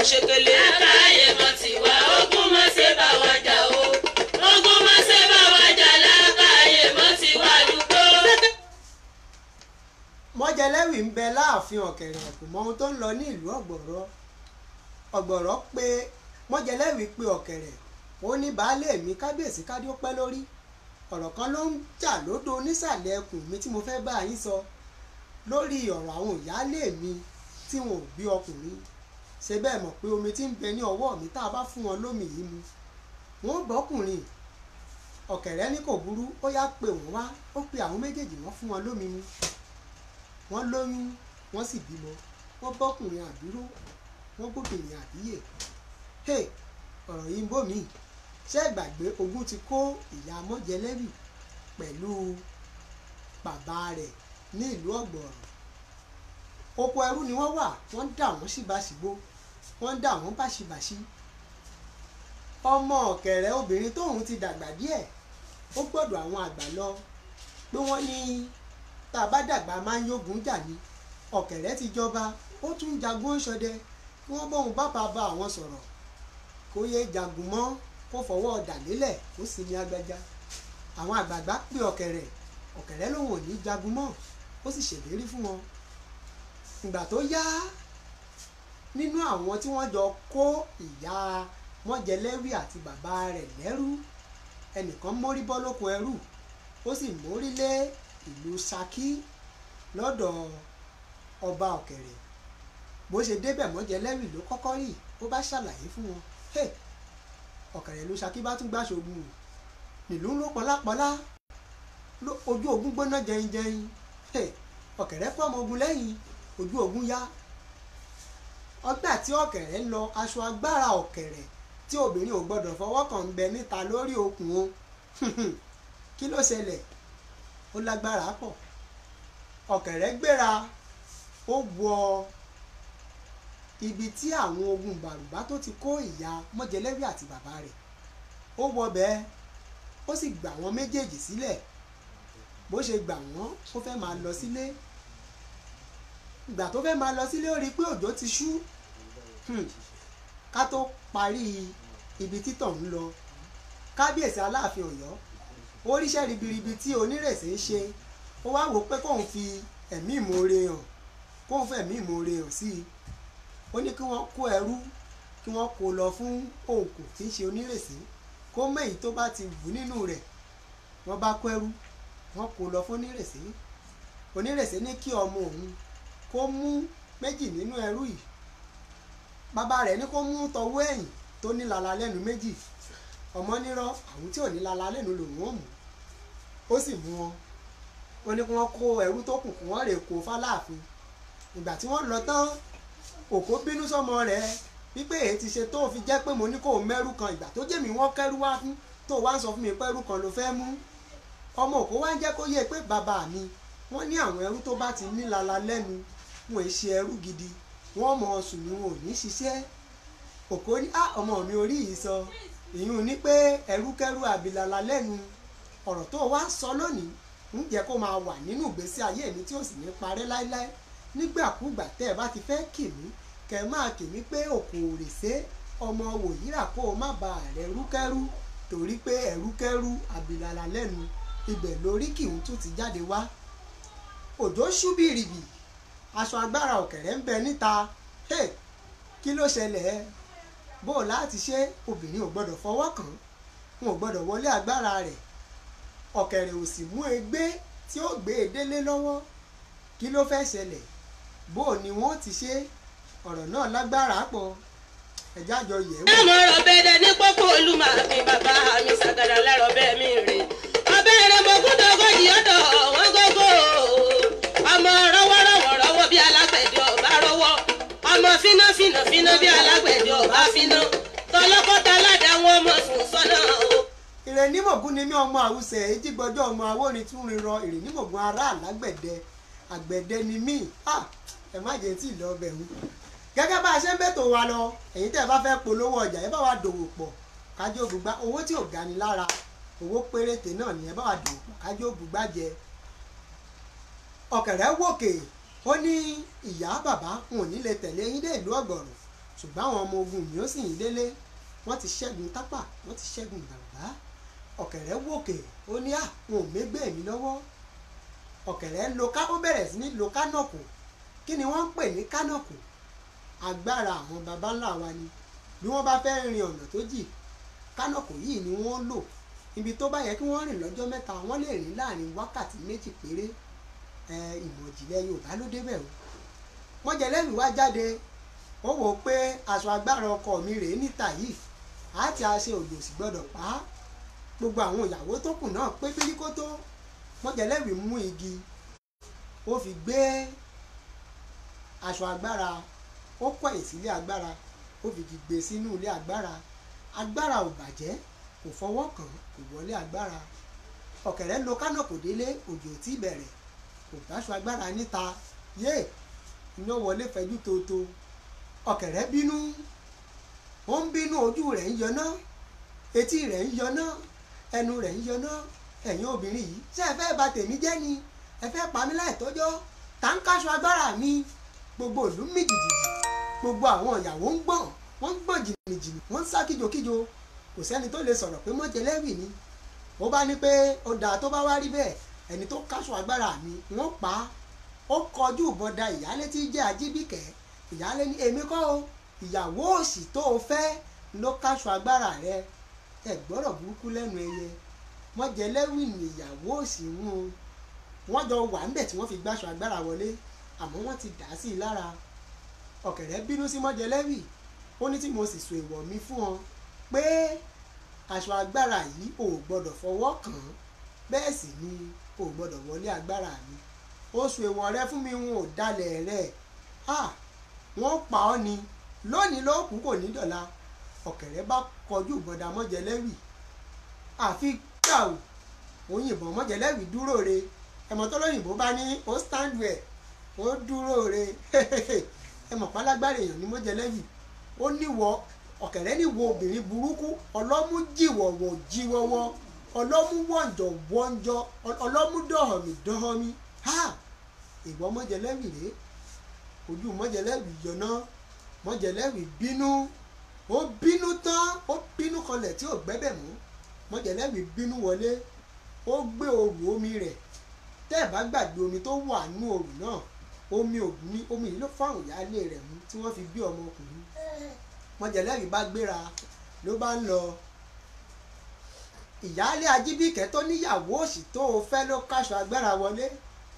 òṣèkèlè. lákàáyé mọ tiwa ogun mọ ṣe bá wa jà o ogun mọ ṣe bá wa jà lákàáyé mọ tiwa dúpọ. mọ́jẹlẹ́wì ń bẹ láàfin ọ̀kẹ̀rẹ̀ kò mọ ohun tó ń lọ ní ìlú ọ̀gbọ̀rọ̀ ọ̀gbọ̀rọ̀ pé mọ́jẹlẹ́wì pé ọ̀kẹ̀rẹ̀ ó ní baálé mi kábíyèsí kádé ó lórí ọ̀rọ̀ kan ló ń jà lódò nísàlẹ̀ ẹkùn mi tí mo fẹ́ bá yín sọ lórí ọ̀rọ̀ àwọn ìyáálé mi tí wọn ò bí ọkùnrin ṣe bẹ́ẹ̀ mọ̀ pé omi tí ń bẹ ní ọwọ́ mi tá a bá fún wọn lómi yìí mu wọ́n bọ́kùnrin ọ̀kẹ́rẹ́ ní kò burú ó yá pé wọ́n wá ó pe àwọn méjèèjì wọ́n fún wọn lómi mu wọ́n lóyún wọ́n sì bímọ wọ́n bọ́kùnrin àbíró wọ́n bóbìnrin àbíyè hey ọ̀rọ̀ yìí ń bò mí ṣé gbàgbé ogun ti kó ìyá mọ́jẹlẹ́rì pẹ̀lú bàbá rẹ̀ ní ìlú ọ̀gbọ̀ọ̀rọ̀ oko ẹrú ni wọ́n wà wọ́n dà wọ́n síbáṣíbó wọ́n ń dà wọ́n báṣibàṣi ọmọ ọ̀kẹ́rẹ́ obìnrin tóun ti dàgbà díẹ̀ ó gbọ́dọ̀ àwọn àgbà lọ pé wọ́n ní tá a bá dàgbà máa ń yógun jà ní ọ̀kẹ́rẹ́ ti jọba ó tún jagun ìṣọdẹ kí wọ́n bóun bá bàbá àwọn sọ̀rọ̀ kó yé jagun mọ́ kó fọwọ́ ọ̀dà lélẹ̀ kó sì ní agbájá àwọn àgbààgbà pé ọ̀kẹ́rẹ́ ọ̀kẹ́rẹ́ lòun ò ní jagun mọ́ ó sì ṣèlérí fún wọn ìgbà tó yá nínú àwọn tí wọ́n jọ kó ìyá Mọ́jẹlẹ́wí àti bàbá rẹ̀ lẹ́rú ẹnìkan mórí bọ́ lóko ẹrú ó sì mórí lé ìlú Ṣakí lọ́dọ̀ ọba Ọ̀kẹ̀rẹ̀ bó ṣe débẹ̀ Mọ́jẹlẹ́wì ló kọ́kọ́ rí ó bá ṣàlàyé fún wọn Ọ̀kẹ̀rẹ̀ ìlú Ṣakí bá tún gbàṣọ ogun o nìlú ló pọlápọlá ojú ogun gbóná jẹyinjẹyin Ọ̀kẹ̀rẹ̀ fọmọ ogun lẹ́yìn ojú ogun yá ọgbà tí ọ̀kẹ́rẹ́ ń lọ aṣọ agbára ọ̀kẹ́rẹ́ tí obìnrin ò gbọ́dọ̀ fọwọ́ kàn ń bẹ níta lórí okùn o kí ló ṣẹlẹ̀ ó lágbára pọ̀ ọ̀kẹ́rẹ́ gbéra ó wọ ibi tí àwọn ogun bàrùbá tó ti kó ìyá mọ́jẹlẹ́wì àti bàbá rẹ̀ ó wọ bẹ́ẹ̀ ó sì gbà wọ́n méjèèjì sílẹ̀ bó ṣe gbà wọ́n ó fẹ́ máa lọ sílé ìgbà tó fẹ́ máa lọ sílé ó rí i pé òjò ti ṣú hmm. ká tó parí ibi títọ̀ ń lọ kábíyèsí aláàfin ọ̀yọ́ ó ríṣẹ́ ribiribi tí onírèsè ń ṣe ó wá wò pé kóun fi ẹ̀mí ìmoore hàn kóun fi ẹ̀mí ìmoore hàn sí i ó ní kí wọ́n kó ẹrú kí wọ́n kó lọ fún òǹkò tí ń ṣe onírèsè kó mẹ́yìn tó bá ti wù nínú rẹ̀ wọ́n bá kó ẹrú wọ́n kó lọ fún onírèsè onírèsè ní kí ọmọ òun kó mú méjì nínú ẹrú yìí bàbá rẹ̀ ní kó mú tọwọ́ ẹ̀yìn tó ní lala lẹ́nu méjì ọmọ nírọ́ àwọn tí ò ní lala lẹ́nu lòun ò mú ó sì mú wọn ó ní kí kó ẹrú tó kù kí wọ́n rè kó fáláàfin ìgbà tí wọ́n lọ tán òkó bínú sọmọ rẹ̀ wípé èyí ti ṣe tó fi jẹ́ pé mo ní kó mẹ́rú kan ìgbà tó jẹ́mi wọ́n kẹ́rú wá fún tó wá ń sọ fún mi pé kan ló fẹ́ mú ọmọ òkó wá ń jẹ́ kó yé pé bàbá mi wọ́n ní àwọn ẹrú tó bá ti ní lala lẹ́nu wọn èsì ẹrú gidi wọ́n mọ̀ sùn ni wọn ò ní ṣiṣẹ́ òkò ní á ah, ọmọ mi orí yìí sọ ìyún ni pé ẹrúkẹrú àbìlàlà lẹ́nu ọ̀rọ̀ tó wá sọ lónìí ń jẹ́ kó máa wà nínú ìgbésí ayé mi tí ó sì ní parẹ́ láéláé nígbàkúgbà tẹ́ ẹ bá ti fẹ́ kì mí kẹ́ ẹ máa kì mí pé òkò òrèsé ọmọ wòyíra kó o má ba ààrẹ ẹrúkẹrú torí pé ẹrúkẹrú àbìlàlà lẹ́nu ibẹ̀ lórí kì ń tún ti jáde wá òjò ṣú bìrìbì aṣọ agbára ọ̀kẹ́rẹ́ ń bẹ níta kí ló ṣẹlẹ̀ bó o láti ṣe obìnrin ò gbọ́dọ̀ fọwọ́ kàn wọn ò gbọ́dọ̀ wọlé agbára rẹ̀ ọ̀kẹ́rẹ́ ò sì mú egbé tí ó gbé e délé lọ́wọ́ kí ló fẹ́ ṣẹlẹ̀ bó o ni wọ́n ti ṣe ọ̀rọ̀ náà lágbára pọ̀ ẹ̀já àjọ yẹ̀ wò. ọmọ ọ̀rọ̀ bẹ̀rẹ̀ ní pópó olúmọ àfi bàbá mi ṣàgàdà lẹ́rọ bẹ́ẹ̀ mi rè ọbẹ̀ rẹ̀ mo kú dọ́gọ́jì ọ̀dọ̀ wọ́n gógó ọmọ ọ̀rọ̀ wọ́rọ̀ bí alágbẹ̀dẹ ọba rọwọ́ ọmọ fínà fínà fínà bí alágbẹ̀dẹ ọba fínà tọlọ́kọ́ta ládàá wọn mọ̀ fún sọ́nà o. ìrẹ̀nímọ̀gún ni mí ọmọ àwùsẹ̀ ejígbọ́jọ́ ọmọ awórin tún rin rọ ìrẹ̀nímọ̀gún ará alágbẹ̀dẹ àgbẹ̀dẹ ni mí ẹ má jẹ́ tí ì lọ bẹ̀ wù. gẹ́gẹ́ bá a ṣe ń bètò wa lọ ẹ̀yin tẹ́ ẹ bá fẹ́ polówó ọjà ẹ bá wa dòwò pọ̀ kájọ ògùngbà owó tí ò gani lára owó péréte náà ni bá wa dòwò pọ̀ kájọ ògùngbà jẹ ọ̀kẹ́rẹ́ wòkè ó ní ìyá bàbá wọn ò ní lè tẹ̀lé yín dé ìlú ọ̀gbọ̀rùn ṣùgbọ́n àwọn ọmọ ogun mi ó sì yín délé wọ́n ti ṣẹ́gun tápà wọ́n ti ṣẹ́gun gbàgbá ọ̀kẹ́rẹ́ wòkè ó ní à wọn ò mégbé mi lọ́wọ́ ọ̀kẹ́rẹ́ loká ó bẹ̀rẹ̀ sí ní loká nọ̀kù kí ni wọ́n ń pè ní kánọ̀kù agbára àwọn baba ńlá wa ni bí wọ́n bá fẹ́ rin ọ̀nà tó jì kánọ̀kù yìí ni wọ́n lò ibi tó bá yẹ kí wọ́n rìn lọ́jọ́ mẹ́ta wọ́n lè rìn láàrin wákàtí méjì péré ìmọ̀ ìjìnlẹ̀ Yorùbá ló débẹ̀ o wọ́n jẹ lẹ́mìí wá jáde ó wò ó pé aṣọ agbára ọkọ mi rèé níta yìí àti àṣẹ òjò sì gbọ́dọ̀ pa á gbogbo àwọn ìyàwó tó kù náà pé bíríkótó wọ́n jẹ lẹ́mìí mú igi ó fi gbé aṣọ agbára ó kọ̀ èsì ilé agbára ó fi gbígbé sínú ilé agbára agbára ò bàjẹ́ kò fọwọ́ kàn kò wọlé agbára ọ̀kẹ́rẹ́ lo kánò kò délé òjò tí bẹ̀rẹ̀ kò táṣù agbára níta yé iná wọlé fẹjú tóótó ọ̀kẹ́rẹ́ bínú ó ń bínú ojú rẹ̀ ń yọná etí rẹ̀ ń yọná ẹnu rẹ̀ ń yọná ẹ̀yin obìnrin yìí ṣé ẹ fẹ́ bà tèmi jẹ́ ni ẹ fẹ́ pa mí láì tọ́jọ́ tá ń káṣọ agbára mi gbogbo ìlú mi jìjìjì gbogbo àwọn ìyàwó ń gbọ̀n wọ́n ń gbọ̀n jìnnìjìnnì wọ́n ń sá kíjokíjo kò sẹ́ni tó lè sọ̀rọ̀ pé mọ́jẹ́lẹ́wì ni ó bá ní pé ó dáa tó bá wá rí bẹ́ẹ̀ ẹni tó káṣọ agbára mi wọ́n pa á ó kọjú ìbọ̀dà ìyálé tí jẹ́ ajíbìkẹ́ ìyálé ní èmi kọ́ o ìyàwó òsì tó o fẹ́ ló káṣọ agbára rẹ ẹ gbọ́dọ̀ burúkú lẹ́nu ẹyẹ wọ́n jẹ lẹ́wìn ìyàwó òsì ń o wọ́n jọ wà ń bẹ̀ tí wọ́n fi gbáṣọ agbára wọlé àmọ́ wọ́n ti dà á sí i lára ọ̀kẹ́rẹ́ bínú sí mọ́jẹlẹ́wì ó ní tí mo sì so èèwọ̀ mi fún ọ pé aṣọ agbára yìí ò gbọ́dọ̀ fọwọ́ kàn án bẹ́ẹ̀ sì ni ò gbọ́dọ̀ wọlé agbára mi oṣù èèwọ̀ rẹ fún mi wọn ò dalẹ̀ rẹ̀ ah wọ́n pa ọ́ ni lónìí ló kú kò ní dọ̀la ọ̀kẹ́rẹ́ bá kọjú bọ̀dà mọ́jẹlẹ́wì àfi gbàù òyìnbọn mọ́jẹlẹ́wì dúró re ẹ̀mọ́ tó lóyìnbó bá ní ó stand wẹ̀ ó dúró re ẹ̀mọ́ pálágbára èèyàn ní mọ́jẹlẹ́wì ó níwọ̀ ọ̀kẹ́rẹ́ níwọ̀ obìnrin burúkú ọlọ́mú jìwọ̀wọ̀ jíwọ́wọ́ ọlọ́múwọ̀njọ̀ wọ́njọ́ ọlọ́múdọ̀họ̀mì dọ́họ̀mì ha ìwọ mọ̀jẹ̀lẹ́wì rèé ojú mọ̀jẹ̀lẹ́wì yọ̀nà mọ̀jẹ̀lẹ́wì bínú ó bínú tán ó bínú kọlẹ̀ tí ò gbẹ́bẹ̀ mú mọ̀jẹ̀lẹ́wì bínú wọlé ó gbé òrù omi rẹ̀ tẹ́ ẹ̀ bá gbàgbé omi tó wà nú òrù náà omi ògùn ni omi yìí ló fáwọn ìyáálé rẹ̀ mú tí wọ́n fi bí ọmọkùnrin mọ̀jẹ̀lẹ́wì bá gbéra ló bá ń lọ ìyáálé ajíbíkẹ́ tó níyàwó òsì tó o fẹ́ ló káṣọ agbára wọlé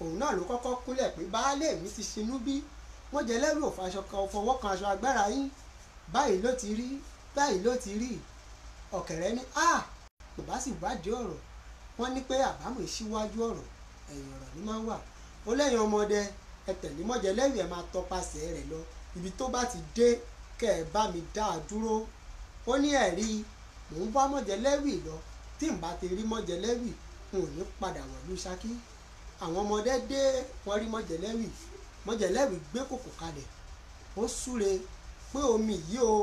òun náà ló kọ́kọ́ kúnlẹ̀ pé baálé mi ti sinú bí wọ́n jẹ lẹ́rù òfàṣọ kan fọwọ́ kan aṣọ agbára yín báyìí ló ti rí báyìí ló ti rí ọ̀kẹ́rẹ́ ní a kò bá sì wádìí ọ̀rọ̀ wọ́n ní pé àbámọ̀ ìṣíwájú ọ̀rọ̀ ẹ̀yìn ọ̀rọ̀ ni máa ń wà ó lẹ́yìn ọmọdé ẹ tẹ̀lé mọ́jẹ lẹ́rù ẹ̀ máa tọpasẹ̀ rẹ̀ lọ ibi tó bá ti dé kẹ́ ẹ bá mi dá a dúró ó ní ẹ̀rí mò ń bá mọ́jẹ lẹ́rù lọ tí n bá ti rí Mọ̀jẹ̀lẹ́wì n ò ní padà wọ̀lú Ṣakí àwọn ọmọdé dé wọ́n rí Mọ̀jẹ̀lẹ́wì Mọ̀jẹ̀lẹ́wì gbé kòkò kalẹ̀ ó súre pé omi yìí o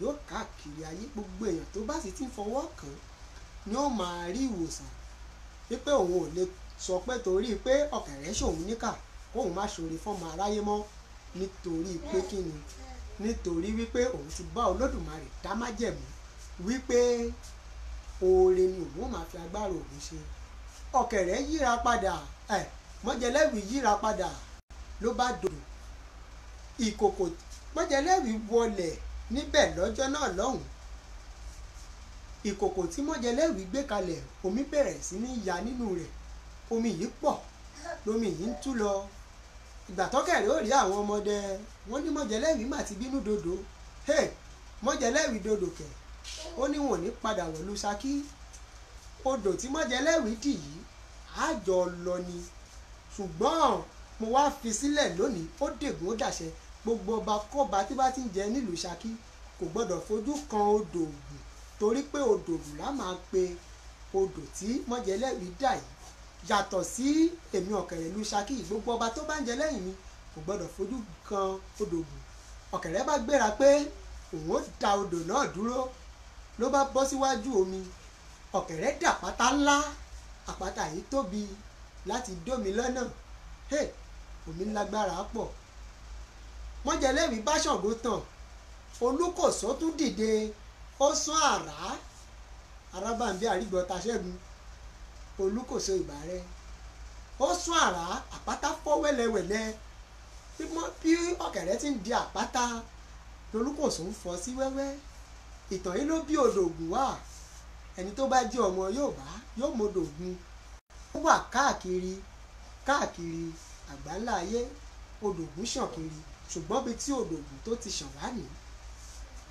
yóò káàkiri ayé gbogbo èèyàn tó bá sì ti ń fọwọ́ kàn ni ó máa rí ìwòsàn wípé òun ò lè sọ pé torí pé ọ̀kẹ́rẹ́ ṣòun níkà kóun má ṣoore fọ́mọ aráyé mọ́ nítorí pé kí ni nítorí wípé òun ti bá Olódùmarè dá májẹ̀mú wípé oore ni òun máa fi agbára òun ṣe ọ̀kẹ́rẹ́ yíra padà ẹ̀ mọ́jẹlẹ́wì yíra padà ló bá dòdò ìkòkò mọ́jẹlẹ́wì wọlẹ̀ níbẹ̀ lọ́jọ́ náà lọ́hùn ìkòkò tí mọ́jẹlẹ́wì gbé kalẹ̀ omi bẹ̀rẹ̀ sí ní ya nínú rẹ̀ omi yìí pọ̀ lómi yìí ń tú lọ ìgbà tọ́kẹ̀rẹ́ ò rí àwọn ọmọdé wọ́n ní mọ́jẹlẹ́wì mà ti bínú dòdò hey dòdò kẹ̀ ó ní wọn ò ní padà wọ̀lú Ṣakí odò tí májẹlẹ́wì dì yìí àjọ lọ ni ṣùgbọ́n mo wá fi sílẹ̀ lónìí ó dègùn ó dàṣẹ gbogbo ọba kọba tí bá ti ń jẹ nílùú Ṣakí kò gbọdọ̀ fojú kan odò ògùn torí pé odò ògùn la máa pe odò tí májẹlẹ́wì dà yìí yàtọ̀ sí èmi ọ̀kẹ́rẹ́ ìlú Ṣakí gbogbo ọba tó bá ń jẹ lẹ́yìn mi kò gbọdọ̀ fojú kan odò ògùn ọ̀kẹ́rẹ́ bá gbéra pé òun ó da odò náà dúró ló bá bọ́ síwájú omi ọ̀kẹ́rẹ́ dàpátá ńlá àpáta yìí tóbi láti dómi lọ́nà omi lágbára pọ̀ wọ́n jẹ lẹ́rìí bá Ṣàngó tàn Olúkòso tún dìde ó sán àrá arábàǹbí àrígbọ́ta ṣẹ́gun Olúkòso ìbà rẹ̀ ó sún àrá àpáta fọ́ wẹ́lẹ́wẹ́lẹ́ bí ọ̀kẹ́rẹ́ ti ń di àpáta lolúkòso ń fọ́ sí wẹ́wẹ́ ìtàn yìí ló bí odò ògùn wá ẹni tó bá jẹ́ ọmọ Yorùbá yóò mọdò ògùn ó wà káàkiri káàkiri àgbáńlá ayé odò ògùn ṣàn kiri ṣùgbọ́n bíi tí odò ògùn tó ti ṣàn wá ní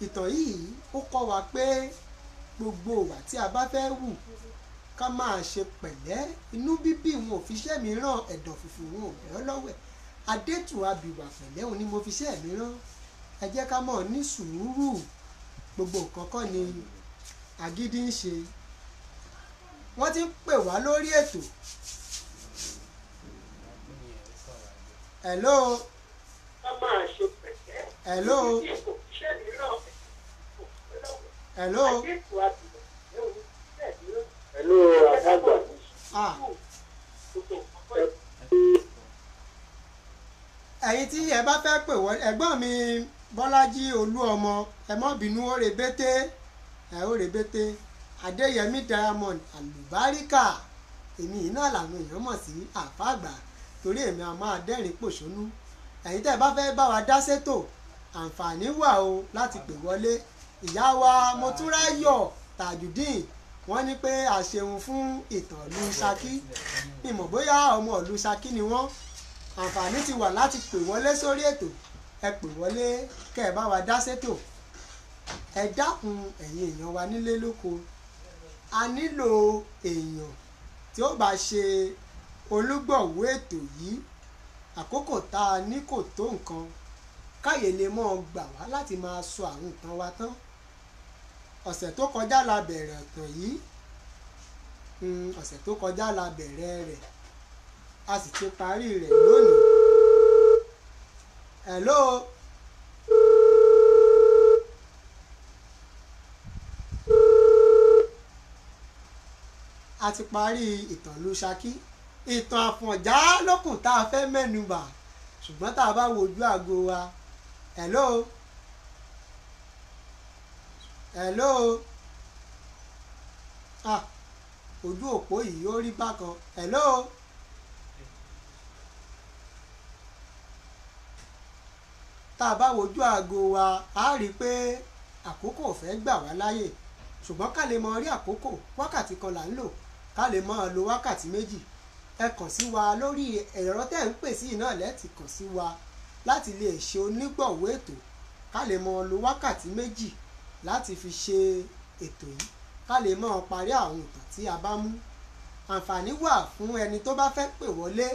ìtàn yìí ó kọ́ wa pé gbogbo ìwà tí a bá fẹ́ wù ká máa ṣe pẹ̀lẹ́ inú bíbí wọn ò fi iṣẹ́ mi rán ẹ̀dọ̀ fùfù wọn ò bẹ̀rẹ̀ lọ́wẹ̀ adétù abìwà pẹ̀lẹ́ òun ni mo fi iṣẹ́ mi rán ẹ jẹ́ ká mọ̀ ní sùúrù gbogbo nǹkan kọ́ ni agídí ń ṣe wọ́n ti ń pè wá lórí ètò hello hello hello hello àgbàgbà. Ah. tí ẹ bá fẹ́ pè wọ́n ẹ̀gbọ́n mi bọ́lájí olúọmọ ẹ má bínú òrèbété ẹ òrèbété adéyẹmí diamond àlùbáríkà èmi yìí náà làwọn èèyàn mọ̀ sí àfàgbà torí èmi a máa dẹ́rìn pòṣónú ẹ̀yin tẹ́ ẹ bá fẹ́ bá wa dá sétò àǹfààní wà o láti pè wọlé ìyá wa motúráyọ̀ tajudeen wọ́n ní pé àṣeun fún ìtàn ìlú ṣakí ìmọ̀ bóyá ọmọ ìlú ṣakí ni wọ́n àǹfààní ti wà láti pè wọlé sórí ètò ẹ pè wọlé kẹ́ ẹ bá wa dá sétò ẹ dákun ẹ̀yin èèyàn wa nílé lóko a nílò èèyàn tí ó bá ṣe olùgbọ̀wọ́ ètò yìí àkókò tá a ní kò tó nǹkan káyè lè mọ́ ọ gbà wá láti máa sọ àwọn nǹkan wa tán ọ̀sẹ̀ tó kọjá la bẹ̀rẹ̀ ọ̀tàn yìí hmm, ọ̀sẹ̀ tó kọjá la bẹ̀rẹ̀ rẹ̀ a sì ti parí rẹ̀ lónìí hello. a ti parí ìtàn ìlú Ṣakí ìtàn Àfọ̀njá lókùn tá a fẹ́ mẹ́nubà ṣùgbọ́n tá a bá wojú àgbo wa hello hello ah ojú òpó yìí ó rí bákan hello. hello? tá a bá wojú aago wa a rí i pé àkókò ò fẹ́ gbà wá láyè ṣùgbọ́n ká lè mọ rí àkókò wákàtí kan là ń lò ká lè mọ lo wákàtí méjì ẹ kàn sí wa lórí ẹ̀rọ tẹ́ ń pè sí iná lẹ́tì kàn sí wa láti lè ṣe onígbọ̀wọ́ ètò ká lè mọ lo wákàtí méjì láti fi ṣe ètò yìí ká lè mọ parí àwọn ìtàn tí a bá mú àǹfààní wà fún ẹni tó bá fẹ́ pè wọlé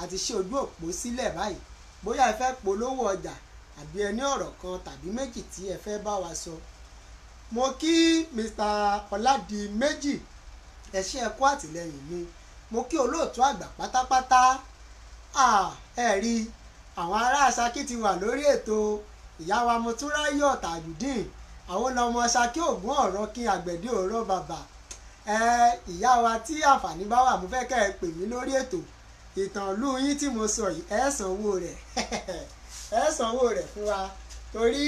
àti ṣe ojú òpó sílẹ̀ báyìí bóyá ẹ fẹ́ polówó ọjà àbí ẹ ní ọ̀rọ̀ kan tàbí méjì tí ẹ fẹ́ bá wa sọ. mo kí Mr. Ọládìméjì ẹ ṣé ẹ kú mi mo kí olóòtú àgbà pátápátá ẹ rí àwọn ará Ṣakí ti wà lórí ètò ìyá wa Motúnráyọ̀ Tajudeen àwọn ọmọ Ṣakí ògún ọ̀rọ̀ kí àgbẹ̀dẹ ọ̀rọ̀ bàbà ìyá wa tí àǹfààní bá wà mo fẹ́ kẹ́ ẹ pè mí lórí ètò ìtàn ìlú yín tí mo sọ yìí sanwó rẹ̀ ẹ sanwó rẹ̀ fún wa torí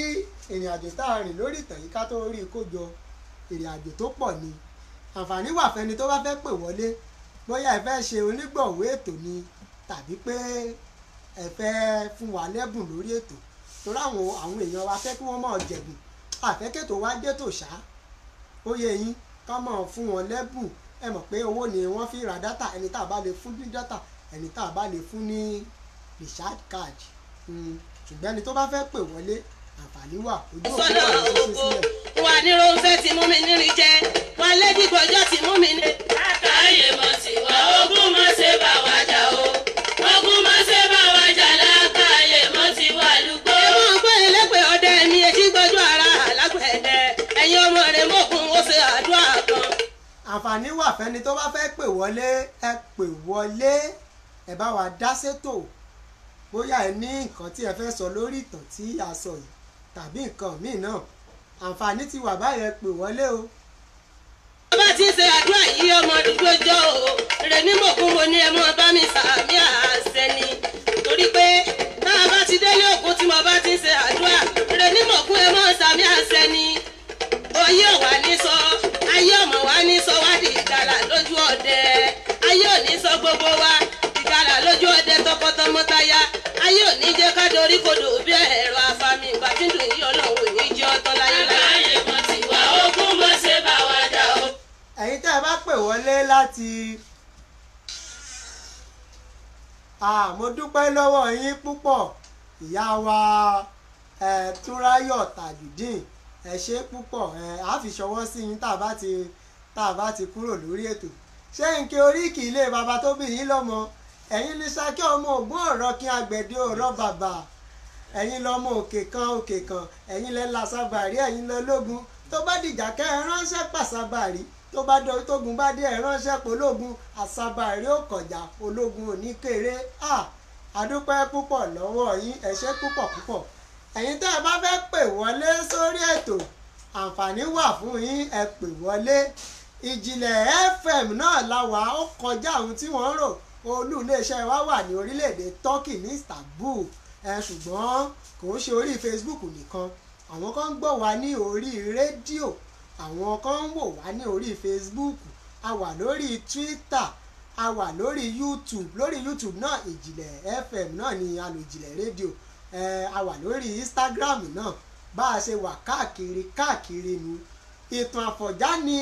ìrìn àjò tá a rìn lórí ìtàn yìí ká tó rí kó jọ ìrìn àjò tó pọ̀ ni àǹfààní wà fẹ́ni tó bá fẹ́ pè wọlé bóyá ẹ fẹ́ ṣe onígbọ̀wọ́ ètò ni tàbí pé ẹ fẹ́ fún wa lẹ́bùn lórí ètò torí àwọn àwọn èèyàn wa fẹ́ kí wọ́n máa jẹ̀bùn àfẹ́kẹ́tò wa jẹ́ tò ṣá ó yẹ yín ká máa fún wọn lẹ́bùn ẹ mọ̀ pé owó ni wọ́n fi ra dátà ẹni tá a bá lè fún ní dátà ẹni tá a bá lè fún ní recharge card. Mm ṣùgbọ́n ẹni tó bá fẹ́ pè wọlé àǹfààní wà ojú òkú wà ní sísí sílẹ̀. wà ní ronfẹ́ ti mú mi nírí jẹ wà lẹ́dí gbọ́jọ́ ti mú mi ní. àtàyè mọ̀ sí wa ogún mọ̀ ṣe bá wa jà o ogún mọ̀ ṣe bá wa jà látàyè mọ̀ sí wa lùgbọ́. ẹ mọ̀ pé ẹlẹ́pẹ̀ ọdẹ mi etí gbọ́jọ́ ara àlápẹ̀ẹ́dẹ ẹ̀yin ọmọ rẹ̀ mọ̀kún ó ṣe àdúrà kan. àǹfààní wà fẹ́ni tó bá fẹ́ pè wọlé ẹ pè wọlé ẹ bá wa dá sétò bóyá ẹ ní nǹkan tí ẹ fẹ́ sọ lórí ìtàn tí a sọ yìí tàbí nǹkan míì náà àǹfààní ti wà báyẹn pè wọlé o. tó bá ti ṣe àdúrà yìí ọmọ àdúgbò jọ o rè ní mòkún mo ẹ mọ bá mi sàmì àṣẹni torí pé tá a bá ti délé òkú tí mo bá ti ṣe àdúrà rè ní mòkún ẹ mọ sàmì àṣẹni oyè wà ní sọ ayé ọmọ wa ní sọ wádìí ìgbàlà lójú ọdẹ ayé òní sọ gbogbo wa tààrà lójú ọdẹ tọkọtọmọtaya ayé ò ní jẹ́ ká dorí kodò bí ẹ̀rọ afami ìgbà tí dùn yí ọlọ́run ò ní jẹ́ ọtọ́ láyé láyé. aláyé kan ti wá ogún mọ́ ṣe bá wa dà o. ẹ̀yin tẹ́ ẹ bá pè wọlé láti mo dúpẹ́ lọ́wọ́ yín púpọ̀ ìyá wa túnráyọ̀ tàdídìn ẹ ṣe púpọ̀ a fi ṣọwọ́ sí yín tá a bá ti tá a bá ti kúrò lórí ètò ṣé n kí oríkì ilé baba tó bí yín lọ́mọ ẹ̀yin ní Ṣakí ọmọ ògbón ọ̀rọ̀ kí agbẹ̀dẹ ọ̀rọ̀ bàbà ẹ̀yin lọmọ òkè kan òkè kan ẹ̀yin lẹ́ làṣàbàrí ẹ̀yin lọ lógun tó bá dìjà kẹ́ ẹ ránṣẹ́ pàṣàbàrí tó bá dọ̀rí tógun bá dé ẹ ránṣẹ́ pológun àṣàbàrí ò kọjá ológun ò ní kéré à àdúpẹ́ púpọ̀ lọ́wọ́ yín ẹ ṣé púpọ̀ púpọ̀ ẹ̀yin tẹ́ ẹ bá fẹ́ pè wọlé sórí ètò àǹfààní wà fún yín ẹ pè wọlé ìjìnlẹ̀ FM náà la wà ó kọjá ohun tí wọ́n rò olú iléeṣẹ́ wa wà ní orílẹ̀-èdè Turkey ní Istanbul ẹ ṣùgbọ́n kò ń ṣe orí Facebook nìkan àwọn kan ń gbọ́ wa ní orí rédíò àwọn kan ń wò wá ní orí Facebook a wà lórí Twitter a wà lórí YouTube lórí YouTube náà ìjìnlẹ̀ FM náà ni alòjìnlẹ̀ rédíò ẹ a wà lórí Instagram náà bá a ṣe wà káàkiri káàkiri nu ìtàn àfọ̀já ni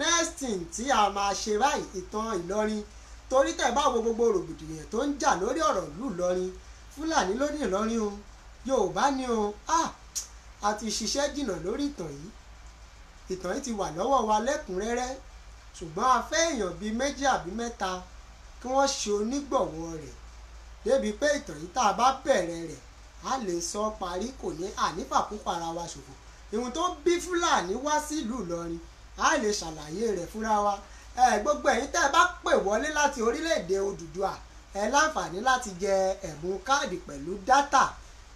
nesting tí a máa ṣe báyìí ìtàn Ìlọrin torí tẹ̀ bá wo gbogbo rògbòdìyàn tó ń jà lórí ọ̀rọ̀ ìlú Ìlọrin Fúlàní lórí Ìlọrin o Yorùbá ni o a ti ṣiṣẹ́ jìnnà lórí ìtàn yìí ìtàn yìí ti wà lọ́wọ́ wa lẹ́kùnrẹ́rẹ́ ṣùgbọ́n a fẹ́ èèyàn bíi méjì àbí mẹ́ta kí wọ́n ṣe onígbọ̀wọ́ rẹ̀ débi pé ìtàn yìí tá a bá bẹ̀rẹ̀ rẹ̀ a lè sọ parí kò ní ànífàkúkọ ara wa ṣòfò ìhun tó bí Fúlàní wá sílùú Ìlọrin a lè ṣàlàyé rẹ̀ fúnra wa gbogbo ẹ̀yin tẹ́ ẹ bá pè wọlé láti orílẹ̀-èdè Odùduwà ẹ láǹfààní láti jẹ ẹ̀bùn káàdì pẹ̀lú dátà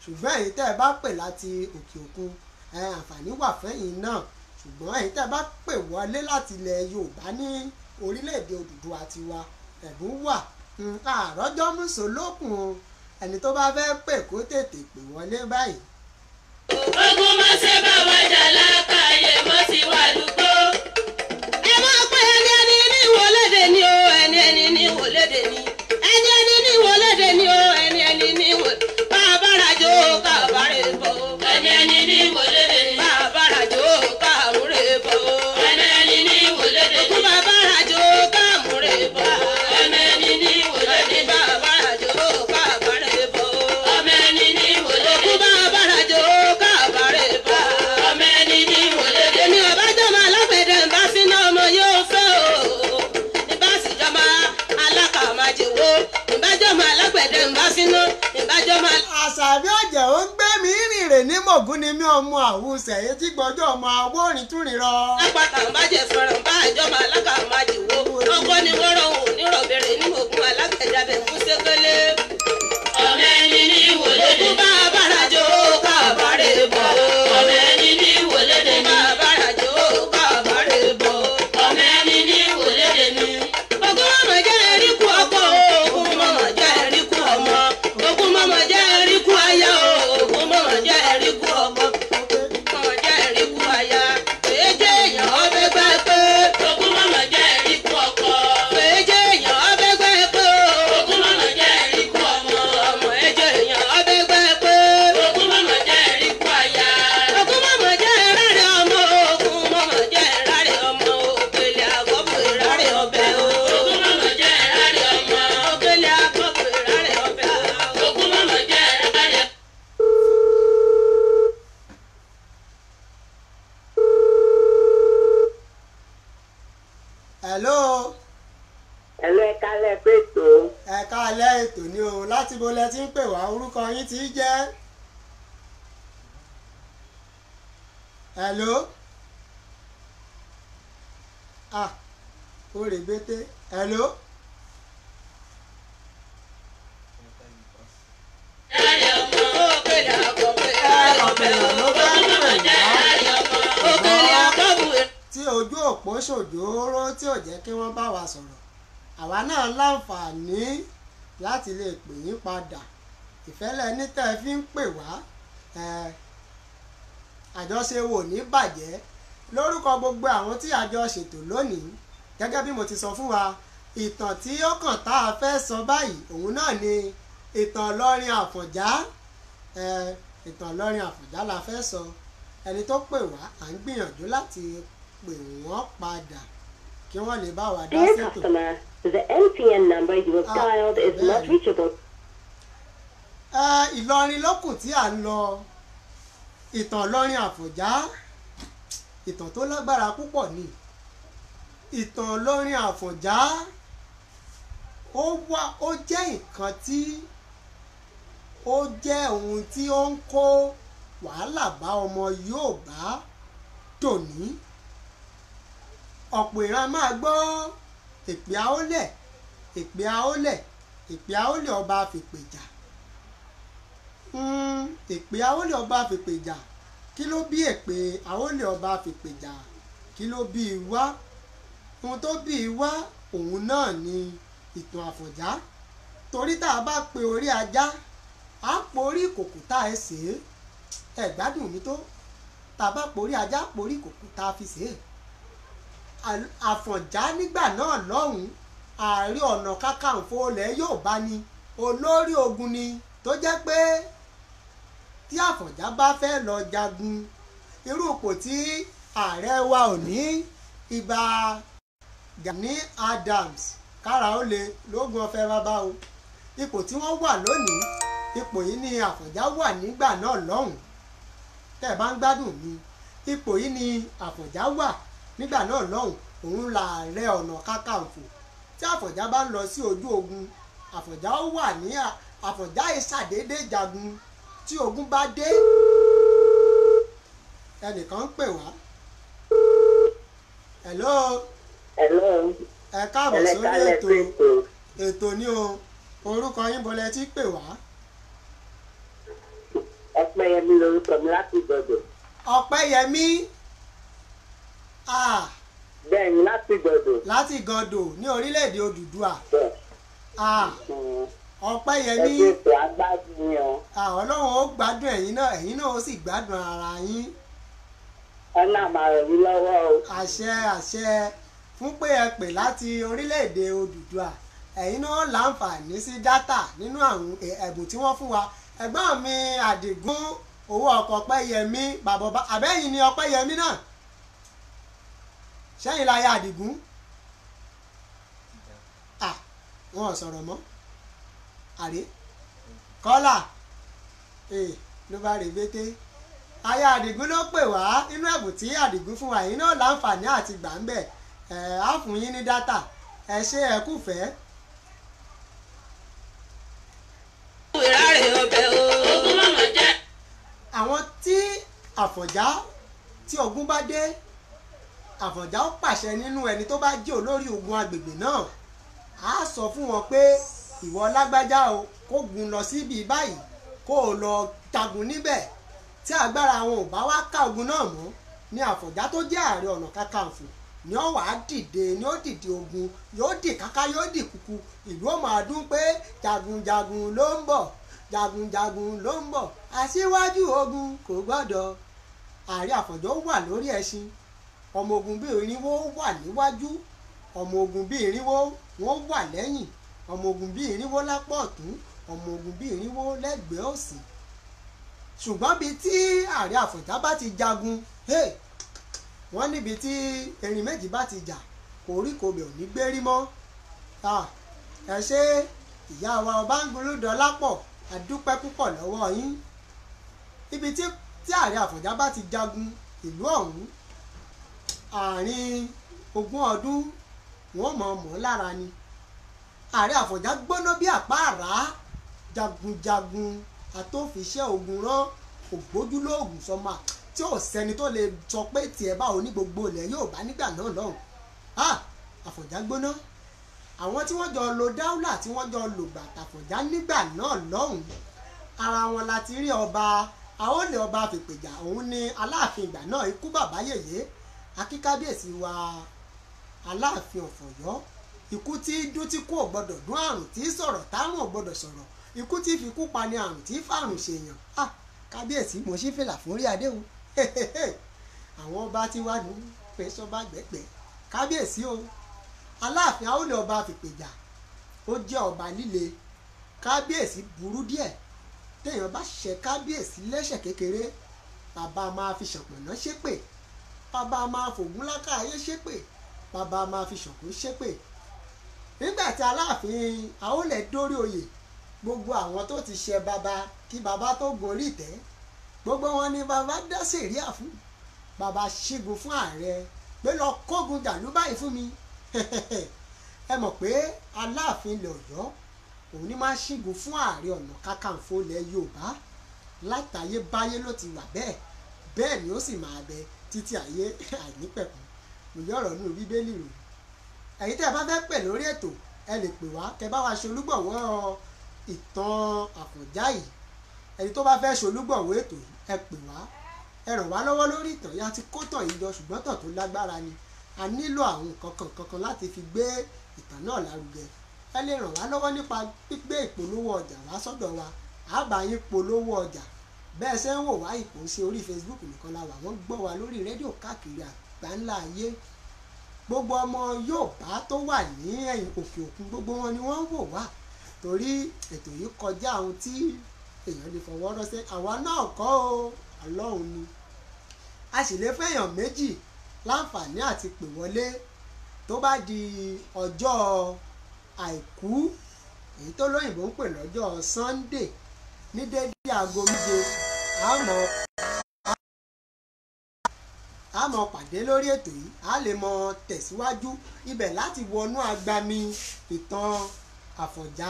ṣùgbọ́n ẹ̀yin tẹ́ ẹ bá pè láti òkè òkun ẹ àǹfààní wà fẹ́yìn náà ṣùgbọ́n ẹ̀yin tẹ́ ẹ bá pè wọlé láti ilẹ̀ Yorùbá ní orílẹ̀-èdè Odùduwà tiwa ẹ̀bùn wà àrọ́jọ́ hmm, mùsùn lókun ẹni tó bá fẹ́ pè kó tètè pè wọlé báyìí. ogun mọ́sẹ̀ bá wájà lákàyè mọ́sí wà lúgbó. Señor. ṣẹ̀ ó ń gbé mi rìn rè ní mọ̀gún ni mi ọmọ àwùsẹ̀ yìí tí gbọ́jọ́ ọmọ àwọn orin tún rìn rọ. lápáta ń bàjẹ́ sọ̀rọ̀ ń bá àjọmọ̀ alága máa dìwó ọkọ ni wọ́n rọ òun nírọ̀bẹ̀rẹ̀ ní mọ̀gún alágbèjábẹ̀ fún ṣẹ́kẹ́lẹ́. ọ̀rẹ́ mi ní ìwòlẹ́ ẹni tẹ́ ẹ fi ń pè wá àjọṣe wò ní bàjẹ́ lórúkọ gbogbo àwọn tí àjọ ṣètò lónìí gẹ́gẹ́ bí mo ti sọ fún wa ìtàn tí ó kàn tá a fẹ́ sọ báyìí òun náà ni ìtàn lọ́rin àfọ̀njá ìtàn lọ́rin àfọ̀njá la fẹ́ sọ ẹni tó pè wá à ń gbìyànjú láti pè wọ́n padà kí wọ́n lè bá wa dá sètò. Dear customer, the MTN number you have ah, dialed is not reachable. Ìlọrin lọ́kùn tí à ń lọ ìtàn Ìlọrin Àfọ̀njá ìtàn tó lágbára púpọ̀ ni ìtàn Ìlọrin Àfọ̀njá ó wá ó jẹ́ nǹkan tí ó jẹ́ ohun tí ó ń kó wàhálà bá ọmọ Yorùbá tòní ọ̀pọ̀ ìran máa gbọ́ èpè àólẹ̀ èpè àólẹ̀ èpè àólẹ̀ ọba fìpèjà Hmm, èpè Àwọ̀lé ọba àfìpèjà kí ló bí èpè Àwọ̀lé ọba àfìpèjà kí ló bí i wá ohun tó bí i wá òun náà ni ìtàn àfọ̀njá torí tá a bá pe orí ajá a porí ìkòkò tá ẹ sè é ẹ gbádùn mi tó tá a bá porí ajá porí ìkòkò tá a fi sè é àfọ̀njá nígbà náà lọ́hùn-ún ààrẹ ọ̀nà kakanfò ilẹ̀ Yorùbá ni olórí ogun ni tó jẹ́ pé tí àfọ̀njá bá fẹ́ lọ jagun irú ipò tí ààrẹ wa ò ní ibà Gani Adams kára ó le lóògùn ọ̀fẹ́ bàbá o ipò tí wọ́n wà lónìí ipò yìí ni àfọ̀njá wà nígbà náà lọ́hùn tẹ́ ẹ bá ń gbádùn mi ipò yìí ni àfọ̀njá wà nígbà náà lọ́hùn òun làárẹ̀ ọ̀nà kákàǹfò tí àfọ̀njá bá ń lọ sí ojú ogun àfọ̀njá wà ní àfọ̀njá ìṣàdédé jagun tí ogun bá dé ẹnìkan ń pè wá. hello. hello. ẹ káàbọ̀ sórí ètò ètò ni o orúkọ yín bọ́lẹ̀ tí pè wá. ọpẹ́yẹmí lorúkọ mi láti gbọdọ̀. ọpẹ́yẹmí. ah bẹ́ẹ̀ni láti gọdọ. láti gọdọ ní orílẹ̀-èdè Odùduwà. bẹ́ẹ̀. Mm ọpẹ́ yẹn ní. ẹ tó agbádùn ni ọ. àwọn náà ó gbádùn ẹ̀yin náà ẹ̀yin náà ó sì gbádùn ara yín. ẹ náà máa ràn mí lọ́wọ́ o. àṣẹ àṣẹ fún pé ẹ pè láti orílẹ̀-èdè Odùduwà ẹ̀yin náà láǹfààní sí dátà nínú àwọn ẹ̀bùn tí wọ́n fún wa ẹ̀gbọ́n mi àdìgún owó ọkọ̀ ọpẹ́yẹmí bàbá àbẹ́yìn ni ọpẹ́yẹmí náà sẹ́yìn láyé àdìgún wọn ò sọ̀rọ̀ mọ́ àrí kọ́là ló bá rè bété aya àdìgún ló pè wá inú ẹ̀bùn tí àdìgún fún wa yìí náà láǹfààní àti gbà ń bẹ̀ ẹ̀ á fún yín ní dátà ẹ ṣé ẹ kú fẹ́. àwọn tí àfọ̀njá tí ogun bá dé àfọ̀njá ó pàṣẹ nínú ẹni tó bá jẹ́ olórí ogun agbègbè náà á sọ fún wọn pé ìwọ lágbájá o kó gùn lọ síbi báyìí kó o lọ jagun níbẹ̀ tí agbára àwọn ò bá wá ká ogun náà mọ́ ni àfọ̀njá tó jẹ́ ààrẹ ọ̀nà kakanfò ni ó wàá dìde ni ó dìde ogun yóò dì káká yóò dì kúkú ìlú ó máa dún pé jagunjagun ló ń bọ̀ jagunjagun ló ń bọ̀ aṣíwájú ogun kò gbọ́dọ̀ ààrẹ àfọ̀njọ́ wà lórí ẹṣin ọmọ ogun bíi irinwó wà níwájú ọmọ ogun bíi irinwó wọ́n wà lẹ́yìn ọmọ ogun bíi irínwó lápá ọ̀tún ọmọ ogun bíi irínwó lẹ́gbẹ̀ẹ́ òsì ṣùgbọ́n bíi tí ààrẹ àfọ̀njá bá ti jagun wọ́n níbi tí erin méjì bá ti jà koríko bẹ̀ ò ní gbérí mọ́ ẹ ṣe ìyá wa Ọbángulúdọlápọ̀ a dúpẹ́ púpọ̀ lọ́wọ́ yín ibi tí tí ààrẹ àfọ̀njá bá ti jagun ìlú ọ̀hún àárín ogún ọdún wọ́n mọ̀ ọ́n lára ni ààrẹ àfọ̀njá gbóná bí àpáàrá jagunjagun àtòfiṣẹ́ ogun rán ògbójúlóògùn sọmọ tí ò sẹ́ni tó lè sọ pé tiẹ̀ bá òní gbogbo ilẹ̀ yóò bá nígbà náà lọ́hùn àfọ̀njá gbóná àwọn tí wọ́n jọ lo dáúlà tí wọ́n jọ lò bàtà àfọ̀njá nígbà náà lọ́hùn ara wọn la ti rí ọba àólè ọba àfìpèjà òun ni aláàfin ìgbà náà ikú bàbá yèyé akíkábíyèsí wa aláàfin ọ̀fọ̀yọ́ ikú tí dún tí kú ò gbọ́dọ̀ dún àrùn tí sọ̀rọ̀ tárùn ò gbọ́dọ̀ sọ̀rọ̀ ikú tí fikú pa ni àrùn tí fàrùn ṣèyàn ah kábíyèsí mo ṣí fìlà fún rí adé o àwọn ọba tí wàá nù pé sọba gbẹgbẹ kábíyèsí o aláàfin àwòlẹ ọba fìpèjà ó jẹ́ ọba líle kábíyèsí burú díẹ̀ téèyàn bá ṣe kábíyèsí lẹ́ṣẹ̀ kékeré bàbá máa fi ṣọ̀pọ̀nà ṣépè bàbá máa fògúnlákà ayé ṣépè bàbá máa fi ṣọ̀kú ṣépè nígbà tí aláàfin Àólẹ̀ dórí oyè gbogbo àwọn tó ti ṣe baba kí bàbá tó gorí ìtẹ́ gbogbo wọn ni baba dá sèríà fún bàbá ṣígun fún ààrẹ pé lọ kógun dàlú báyìí fún mi ẹ mọ̀ pé aláàfin ilẹ̀ òun ni máa ṣígun fún ààrẹ ọ̀nà kákàǹfò ilẹ̀ Yorùbá látayébáyé ló ti wà bẹ́ẹ̀ bẹ́ẹ̀ ni ó sì máa bẹ títí ayé àìnípẹ̀kun mo yọ̀rọ̀ Bíbélì rò ẹ̀yin tẹ́ ẹ bá fẹ́ pè lórí ètò ẹ lè pè wá kẹ́ bá wa ṣe olúgbọ̀wọ́ ìtàn àkànjá yìí ẹni tó bá fẹ́ ṣe olúgbọ̀wọ́ ètò yìí ẹ pè wá ẹ ràn wá lọ́wọ́ lórí ìtàn yìí àti kó tàn yìí jọ ṣùgbọ́n tàn tó lágbára ni a nílò àwọn nǹkan kan kankan láti fi gbé ìtàn náà lárugẹ ẹ lè ràn wá lọ́wọ́ nípa gbígbé ìpolówó ọjà wá sọ́dọ̀ wa àbá yín polówó ọjà bẹ́ẹ̀ ṣe ń wò wá ìpò sí orí Facebook nìkan la wà wọ́n gbọ́ wa lórí rédíò káàkiri àgbáńlá ayé gbogbo ọmọ Yorùbá tó wà ní ẹ̀yìn òkè òkun gbogbo wọn ni wọ́n ń wò wá torí ètò yìí kọjá ohun tí èèyàn lè fọwọ́ rọ́ sẹ́ àwa náà kọ́ o ọlọ́run ni a sì lè fẹ́yàn méjì láǹfààní àti pè wọlé tó bá di ọjọ́ àìkú èyí tó lóyìnbó ń pè lọ́jọ́ Sunday ní déédéé aago méje àmọ́ a mọ pàdé lórí ètò yìí a lè mọ tẹ̀síwájú ibẹ̀ láti wọnú agbami ìtàn Àfọ̀njá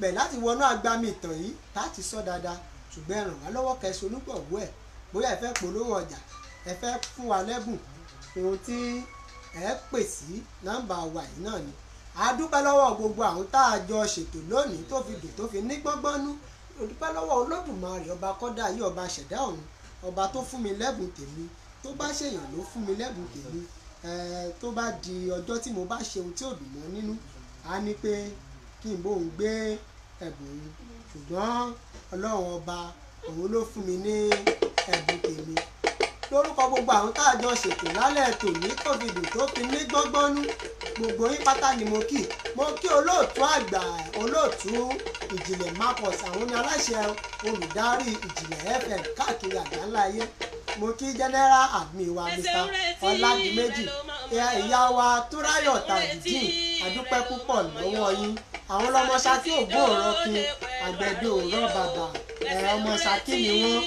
bẹ̀ láti wọnú agbami ìtàn yìí láti sọ dáadáa ṣùgbọ́n ẹ ràn wá lọ́wọ́ kẹsàn olúgbọ̀wọ́ ẹ̀ bóyá ẹ fẹ́ polówó ọjà ẹ fẹ́ fún wa lẹ́bùn ohun tí ẹ pè sí nọ́mbà wa yìí náà ni a dúpẹ́ lọ́wọ́ gbogbo àwọn tá a jọ ṣètò lónìí tó fi dùn tó fi ní gbọ́ngbọ́nú a dúpẹ́ lọ́wọ́ Olódùmarè ọba kọ́dá yìí ọba ṣẹ̀dá ọ̀run ọba tó fún mi lẹ́bùn tèmi tó bá ṣèyàn ló fún mi lẹ́bùn tèmi tó bá di ọjọ́ tí mo bá ṣe ohun tí ò dùn mọ́ nínú á ní pé kí n bóun gbé ẹ̀bùn òun ṣùgbọ́n ọlọ́run ọba òun ló fún mi ní ẹ̀bùn tèmi lórúkọ gbogbo àwọn tá a jọ ṣètò lálẹ́ tòní covid tó fi ní gbọ́ngbọ́nú gbogbo yín pátá ni mo kì mo kí olóòtú àgbà olóòtú ìjìnlẹ̀ marcus àwọn ní aláṣẹ olùdarí ìjìnlẹ̀ fm káàkiri àgbáńlá ayé mo kí general admin wa mr ọládìméjì ìyá wa túráyọ̀ tajudeen adúpẹ́ púpọ̀ lọ́wọ́ yín àwọn ọlọ́mọ ṣákí ògbó òrọ́kin àgbẹ̀dẹ òrọ́ bàbà ẹ̀rọ ọmọ ṣákí ni wọ́n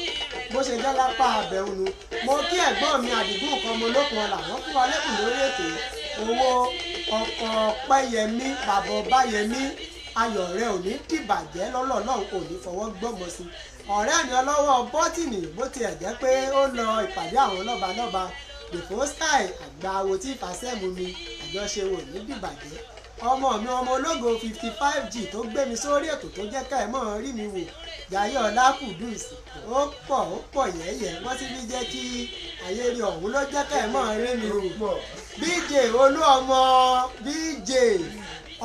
bó ṣe jẹ́ lápá abẹ́hùn nu mo kí ẹ̀gbọ́n mi àdìgún nǹkan ọmọ olókùn ọ̀la wọ́n fún wa lẹ́kùn lórí ètò owó ọkọ̀ pẹ́yẹmí bàbọ̀ báyẹmí ayọ̀ rẹ ò ní dìbàjẹ́ lọ́lọ́ọ̀lọ́ ò fọwọ́ gbọ́mọ sí i ọ̀rẹ́ mi ọlọ́wọ́ bọ́tìnì bó tiẹ̀ jẹ́ pé ó lọ ìpàdé àwọn lọ́balọ́ba dèfó style àgbàwo tí ìfàsẹ́mu mi àjọṣe wò ní bìbàjẹ́ ọmọ mi ọmọ ológo fifty five g tó gbé mi sórí ètò tó jẹ́ ká ẹ̀ mọ́ rí mi wò jayé ọlá kùdùs ó pọ̀ ó pọ̀ yẹ́yẹ́ wọ́n ti fi jẹ́ kí ayé rí ọ̀hún ló jẹ́ ká ẹ̀ mọ́ rí mi wò bj olú ọmọ bj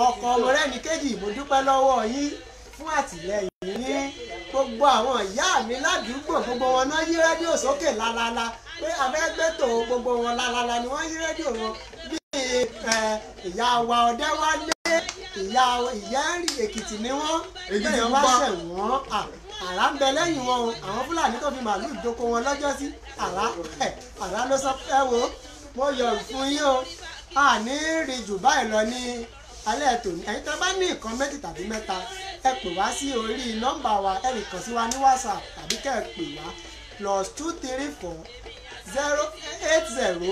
ọkọ ọmọ rẹ̀ ní kejì mo dúpẹ́ lọ́wọ́ yín fún àtìlẹ́yìn yín gbogbo àwọn ìyá mi ládùúgbò gbogbo wọn náà yí rédíò sókè lálálá pé abẹ́gbẹ́tò gbogbo wọn lálálá ni wọ́n yí rédíò wọn bíi ìyá wa ọdẹ wálé ìyá ìyẹ́rì èkìtì ni wọ́n bẹ́ẹ̀ wá ṣẹ̀ wọ́n àrá ń bẹ lẹ́yìn wọn o àwọn fúlàní tó fi màálù doko wọn lọ́jọ́ sí àrá àrá ló sọ ẹ wo mo yọ̀ fún yín o àní rí jù báyìí lọ ní alẹ́ tòní ẹ̀yin tẹ́ bá ní nǹkan méjì tàbí mẹ́ta ẹ pè wá sí orí nọ́mbà wa ẹ lè kàn sí wa ní whatsapp tàbí kẹ́ ẹ pè wá plus two three four zero eight zero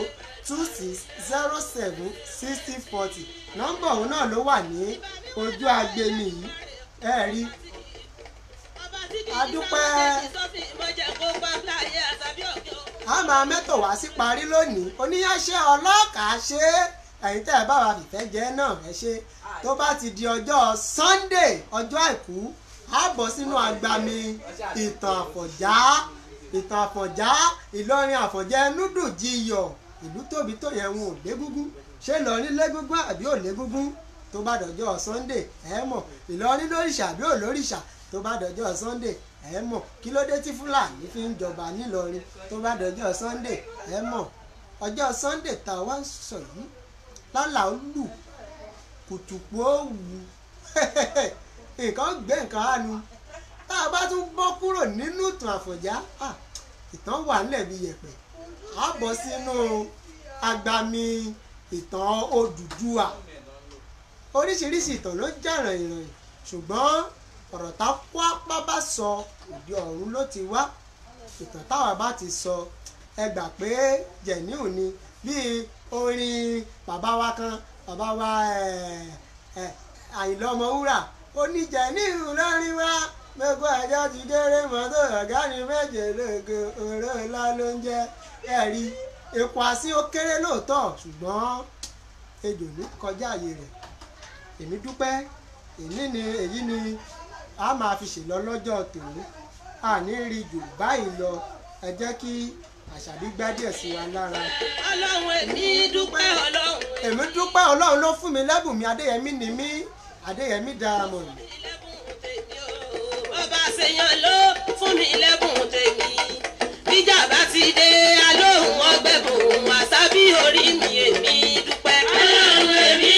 two six zero seven sixty forty nọ́mbà òun náà ló wà ní ojú agbeni yìí ẹ rí adúpẹ́ a máa mẹ́tò wá sí parí lónìí oníyàṣẹ́ ọlọ́kàá ṣe é ẹ̀yin tẹ́ ẹ bá wa fìfẹ́ jẹ́ náà ẹ ṣe tó bá ti di ọjọ́ Sunday ọjọ́ àìkú á bọ̀ sínú agbami ìtàn àfọ̀njá ìtàn àfọ̀njá Ìlọrin àfọ̀njá ẹnúdù jiyọ̀ ìlú tóbi tó yẹn wọn ò légúngún ṣé Ìlọrin légúngún àbí ò légúngún tó bá dọjọ́ Sunday ẹ mọ̀ Ìlọrin lóríṣà àbí ò lóríṣà tó bá dọjọ́ Sunday ẹ mọ̀ kí ló dé tí Fúlàní fi ń jọba nílọrin tó bá dọjọ́ Sunday ẹ mọ̀ ọjọ́ Sunday tá a wá sọ yìí lọ́la ó lù kùtùkù ó wù nǹkan gbé nǹkan ánu tá a bá tún bọ́ kúrò nínú ìtàn àfọ̀njá ìtàn wà nílẹ̀ bí yẹ̀pẹ̀ á bọ́ sínú agbami ìtàn Odùduwà oríṣiríṣi ìtàn ló jàràn ìròyìn ṣùgbọ́n ọ̀rọ̀ tá kó apá bá sọ òde ọ̀run ló ti wá ìtàn táwa bá ti sọ ẹ pé jẹ̀níù ni bíi orin bàbá wa kan bàbá wa eh, eh, àyìnlá ọmọwúrà ó ní jẹ ní ìlú lọ́rin wa gbogbo àjọ ti déré mọ́tò ọ̀gá mi méje lóògùn òró ńlá ló ń jẹ́ ẹ̀rí epo asín ó kéré lóòótọ́ ṣùgbọ́n ejò ní kọjá àyè rẹ̀ èmi dúpẹ́ èyí ni èyí ni a máa fi ṣèlọ lọ́jọ́ tòun àní rí jù báyìí lọ ẹ jẹ́ kí àṣàbí gbá díẹ̀ sí wa lára. ọlọ́run èmi dúpẹ́ ọlọ́run. èmi dúpẹ́ ọlọ́run ló fún mi lẹ́bùn mi adéyẹmí ni mí adéyẹmí dáramọ̀. bàbá ṣèyàn ló fún mi lẹ́bùn tèmi bíjà bá ti dé alóhùn ọgbẹ́ bòun àṣàbí orí mi èmi dúpẹ́ ọlọ́run èmi.